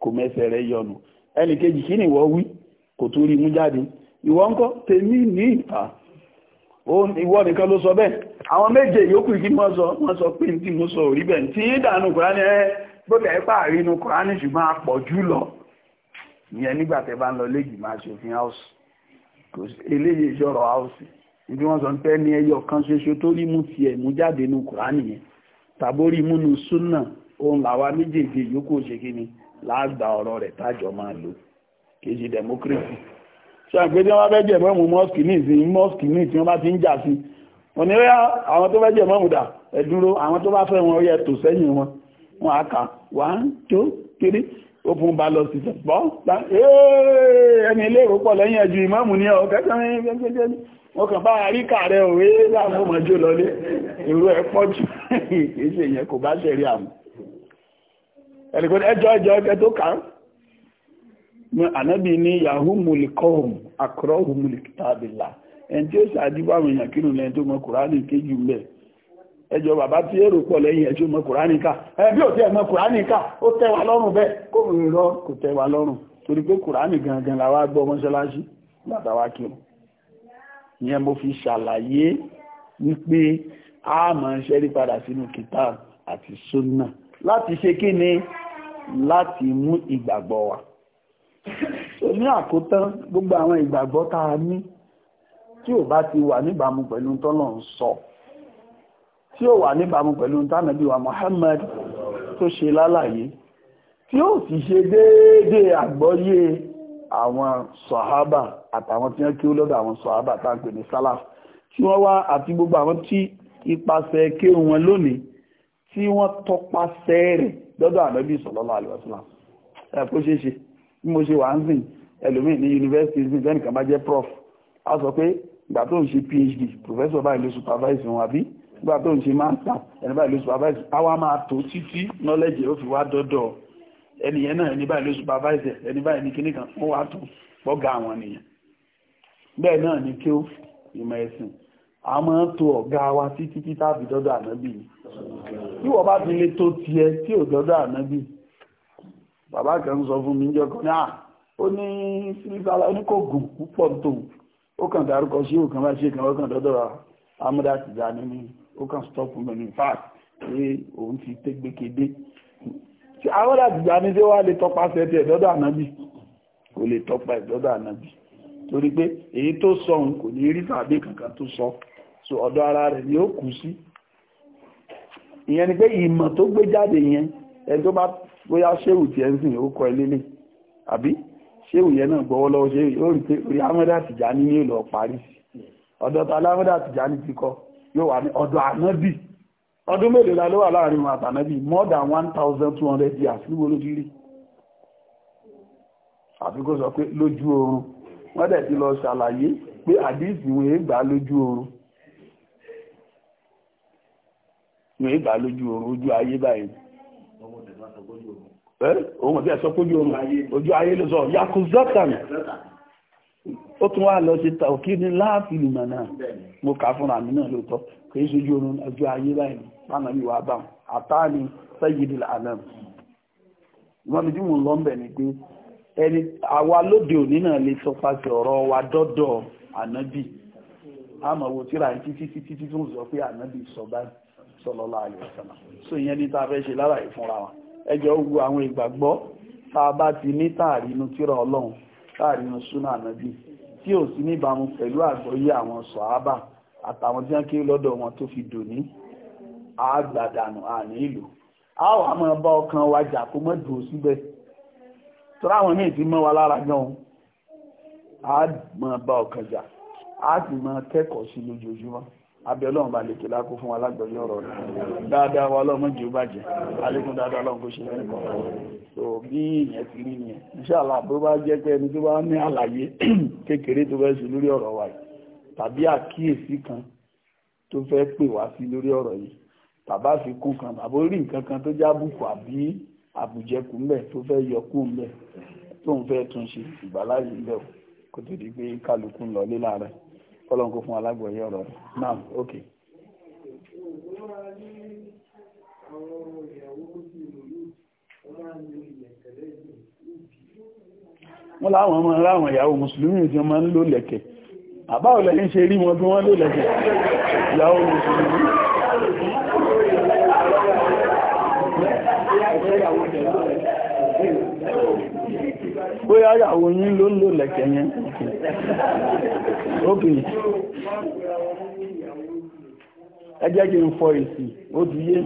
kò mẹ́sẹ̀ rẹ̀ yọnu ẹnìkejì kí ni ìwọ wí kò tó rí mú jáde ìwọ ńkọ́ tèmi ní ìta ìwọ nìkan ló sọ bẹ́ẹ̀ àwọn méje yòókù kí wọ́n sọ wọ́n sọ pé tí mo sọ orí bẹ́ẹ̀ tí ìdànù kùránì ẹ gbọ́dọ̀ ẹ pààrí inú ṣùgbọ́n a pọ̀ jù lọ ìyẹn nígbà tẹ́ bá ń lọ léjì máa ṣòfin house kò sí eléyìí ìṣọ̀rọ̀ house ibi wọ́n sọ ń pẹ́ ní ẹyọ kan ṣoṣo tó rí mú tiẹ̀ mú jáde inú kùránì yẹn tàbórí múnú súnà òun làwa méjèèjì yòókù òṣèkíni láàgbà ọ̀rọ̀ rẹ̀ tájọ máa lò kejì democracy ṣàgbé tí wọ́n fẹ́ jẹ̀ mọ́mù mọ́sùkì ní ìsìn mọ́sùkì ní tí wọ́n bá ti ń jà sí wọn ni àwọn tó fẹ́ jẹ̀ mọ́mù dà ẹ dúró àwọn tó bá fẹ́ wọn yẹ tò sẹ́yìn wọn wọn á kà one two three ó fún ba lọ sí bọ́ ẹni ilé ìrò pọ̀ lẹ́yìn ẹ̀jú ìmọ́mù ni ọ kẹ́kẹ́rẹ́ wọn kàn bá rí kààrẹ òwe láwọn ọmọjó lọlé èrò ẹ pọ̀ jù èsì èèyàn kò bá ṣẹ̀rí àmọ́ ẹ̀rìkọ́ ẹjọ́ ẹjọ́ ẹgbẹ́ tó kàn án ànábì ní yahoo mulikọ́hùn akọ́rọ́hùn mulikitabilà ẹni tí ó ṣáájú báwọn èèyàn kírun lẹ́yìn tó mọ kùránì kéjì ń bẹ̀ ẹjọ́ bàbá tí èrò pọ̀ lẹ́yìn ẹjọ́ mọ kùránì ká ẹbí ò tí ẹ mọ kùránì ká ó tẹ́ wa lọ́rùn bẹ́ẹ̀ kó mi rọ kò tẹ́ wa lọ́rùn torí pé kùránì gangan la wá gbọ́ mọ́ṣáláṣí bàtà wa kírun ìyẹn mo fi ṣàlàyé wípé a máa ń ṣẹ́rí padà sínú kìtàb àti sunna láti ṣe kí ni láti mú ìgbàgbọ́ wa so ní àkótán gbogbo àwọn ìgbàgbọ́ tá a ní tí ò bá ti wà níbàámu pẹ̀lú tọ́lọ̀ ń sọ tí ó wà níbàámu pẹ̀lú tánàbí wa Muhammad tó ṣe lálàyé tí ó sì ṣe déédéé àgbọ́yé àwọn sọ̀hábà àtàwọn tí wọ́n kí ó lọ́dọ̀ àwọn sọ̀hábà tá à ń pè ní sálàf tí wọ́n wá àti gbogbo àwọn tí ipasẹ̀ kírun wọn lónìí tí wọ́n tọpasẹ̀ rẹ̀ lọ́dọ̀ ànábì sallallahu alaihi wasallam ẹ̀ kó ṣeé ṣe bí mo ṣe wà ń sìn ẹlòmíì ní yunifásitì sìn lẹ́nìkan bá jẹ́ prof a sọ pé ìgbà tó ń ṣe phd professor báyìí ló supervise wọn àbí nígbà tó ń ṣe master ẹni báyìí ló supervise àwa máa tó títí knowledge ó fi wá dọ́dọ̀ ẹnìyẹn náà ẹni báyìí ló supervise ẹni báyìí ní kíníkan ó wá tó bọ́gà àwọn nìyẹn bẹ́ẹ̀ náà ni kí ó ìmọ̀ ẹ̀sìn a máa tó ọ̀gá wa títí títí tàbí dọ́dọ̀ ànábì ni tí wọ́n bá ti lè tó dọ́dọ̀ ànábì bàbá kan sọ fún mi ń jọkọ ní à ó ní sílífàlà ó ní kò gùn púpọ̀ tó ó kàn dárúkọ sí òkan bá ṣe kan ó kàn dọ́dọ̀ amúdá Tìjàní ní ó kàn stop mi ní fact pé òun ti tégbékedé tí amúdá Tìjàní tí ó wá lè tọpasẹ̀ tiẹ̀ dọ́dọ̀ ànábì kò lè tọpa ẹ̀ dọ́dọ̀ ànábì torí pé èyí tó sọ òun kò ní rí tàbí kankan tó sọ so ọ̀dọ̀ ara rẹ̀ ni ó kù sí ìyẹn ni pé ìmọ̀ tó gbé jáde yẹn ẹni tó bá bóyá ṣéwù tiẹ̀ ń sìn ó kọ ẹ lélẹ̀ àbí ṣéwù yẹn náà gbọ́wọ́ lọ́wọ́ ṣéwù yóò rí pé orí amúdá Tìjání ní èlò parí ọ̀dọ̀ ta lámúdá Tìjání ti kọ yóò wà ní ọ̀dọ̀ ànábì ọdún mélòó la ló wà láàrin wọn àtànábì more than one thousand two hundred years níbo ló ti rí àfi kó sọ pé lójú oorun wọ́n dẹ̀ ti lọ ṣàlàyé pé àdíìsì wọn ègbà lójú oorun wọn ègbà lójú oorun ojú ayé báyìí òun àbí ẹ̀sọ́ pójú omi ojú ayé ló sọ yakuzatan ó tún wá lọ sí tàókí ní láàfin ìmọ̀ náà mo kà fúnra mi náà lóòótọ́ kìí ṣojú oorun ojú ayé báyìí lánà ìwà àbáwọn àtàní sẹ́yìn ìlànà ìwọ́n mi ni pé ẹni àwa lóde òní náà lè sọ pàṣẹ ọ̀rọ̀ wa dọ́dọ̀ ànábì àmọ́ wo so ìyẹn ní tá a fẹ́ ṣe lára ìfúnra wa ẹjọ́ wu àwọn ìgbàgbọ́ tá a bá ti ní táàrí inú tírà ọlọ́run táàrí inú súnà ànábì tí ò sí níbàámu pẹ̀lú àgbọ́yé àwọn sọ̀hábà àtàwọn tí wọ́n kí lọ́dọ̀ wọn tó fi dòní àgbàdànù àní ìlú a wà mọ́ ọkàn wa jà kó mọ́ dùn síbẹ̀ tọ́ra àwọn míì ti mọ́ wa lára gan a mọ́ bá ọkàn jà a sì mọ́ kẹ́kọ̀ọ́ sí lójoojúmọ́ abẹ́ ọlọ́run bá lè kí lákó fún alágbọ̀yé ọ̀rọ̀ rẹ̀ dáadáa wa ọlọ́run jù bàjẹ́ alékún dáadáa ọlọ́run ṣe ní kọ̀ọ̀kan so bí ìyẹn ti rí nìyẹn ìṣàlá bó bá jẹ́ pé ẹni tó bá ní àlàyé kékeré tó fẹ́ sí lórí ọ̀rọ̀ wa yìí tàbí àkíyèsí kan tó fẹ́ pè wá sí lórí ọ̀rọ̀ yìí tàbá fi kún kan tàbó rí nǹkan kan tó jábùkù àbí àbùjẹkù ńbẹ̀ tó fẹ́ yọkù ńbẹ̀ tó di pé kálukú ń lọ kọ́lọ́n kó fún alágbọ̀ọ́yé ọ̀rọ̀ rẹ̀ náà ok. wọ́n láwọn ọmọ ráwọn ìyàwó mùsùlùmí tí wọ́n máa ń lò lẹ̀kẹ̀ àbáwọ̀lẹ̀ ń ṣe rí wọn bí wọ́n lò lẹ̀kẹ̀ ìyàwó mùsùlùmí bóyá yàwó yín ló ń lò lẹ̀kẹ̀ yẹn ókè ẹ jẹ́ kí n fọ èsì ó ti yé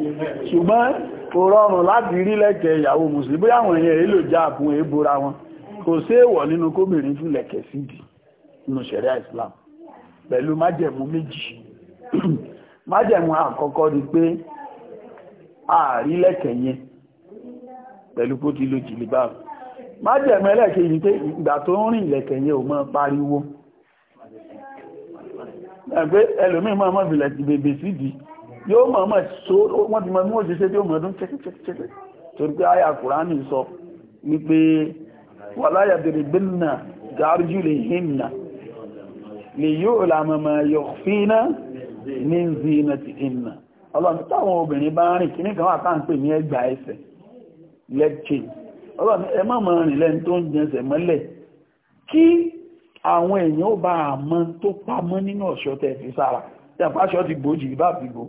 ṣùgbọ́n kò rọrùn láti rí lẹ̀kẹ̀ ìyàwó mùsùlùmí bóyá àwọn èèyàn èlò já àbùn èébora wọn kò séèwọ̀ nínú kóbìnrin fún lẹ̀kẹ̀ sídìí nínú ṣẹ̀ríà Islam pẹ̀lú májẹ̀mú méjì májẹ̀mú àkọ́kọ́ ni pé ààrí lẹ̀kẹ̀ yẹn pẹ̀lú kó ti lo jìlìbáàbù májẹ̀mú ẹlẹ́ẹ̀kejì pé ìgbà tó ń rìn ìlẹ̀kẹ̀ yẹn ò mọ́ pariwo ẹgbẹ́ ẹlòmíì mọ́ mọ́ bìlẹ̀ bèbè sídìí yóò mọ̀ mọ̀ so wọ́n ti mọ̀ mú òṣìṣẹ́ tí ó mọ̀ ọdún chẹ́kẹ́chẹ́kẹ́ torí pé àyà kùránì sọ wípé wà láyà bèrè gbẹ́nà gáàrújú lè hìnnà lè yóò làmọ̀mọ̀ yọ̀fínà ní zina ti hìnnà ọlọ́run táwọn ọlọ́run ẹ má máa rìn lẹ́ni tó ń jẹsẹ̀ mọ́lẹ̀ kí àwọn èèyàn ó bá àmọ́ tó pamọ́ nínú ọ̀ṣọ́ tẹ́ fi sára tẹ́pá aṣọ ti bò jì bá fi bò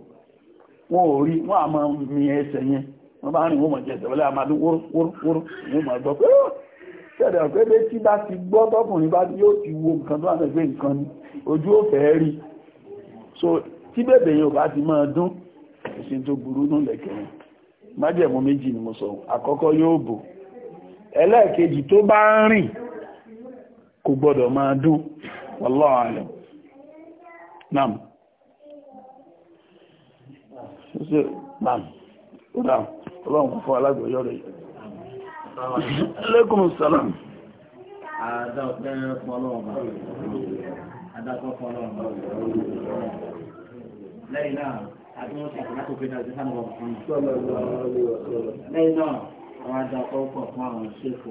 wọn ò rí wọn àmọ́ mi ẹsẹ̀ yẹn wọn bá rìn wọn mọ̀ jẹsẹ̀ wọlé àmàdú wórówóró wọn mọ̀ gbọ́ pé ṣẹ̀dẹ̀ pé bí tí bá ti gbọ́ tọkùnrin bá yóò ti wo nǹkan tó àtẹ̀gbé so tí bèbè yẹn ò bá ti máa dún ìsìn tó burú ẹlẹ́ẹ̀kejì tó bá ń rìn kò gbọ́dọ̀ máa dún wallahu alam naam ṣe naam ó dá ọlọ́run fún alágbòyọ́ rẹ̀ alaikum salam adáwọ̀pẹ́ fọlọ́ọ̀bà adáwọ̀pẹ́ fọlọ́ọ̀bà lẹ́yìn náà adúmọ̀ṣẹ́ àti náà ti sáà lọ́wọ́ fún mi lẹ́yìn náà àwọn adá ọkọ̀ fún àwọn ṣèkù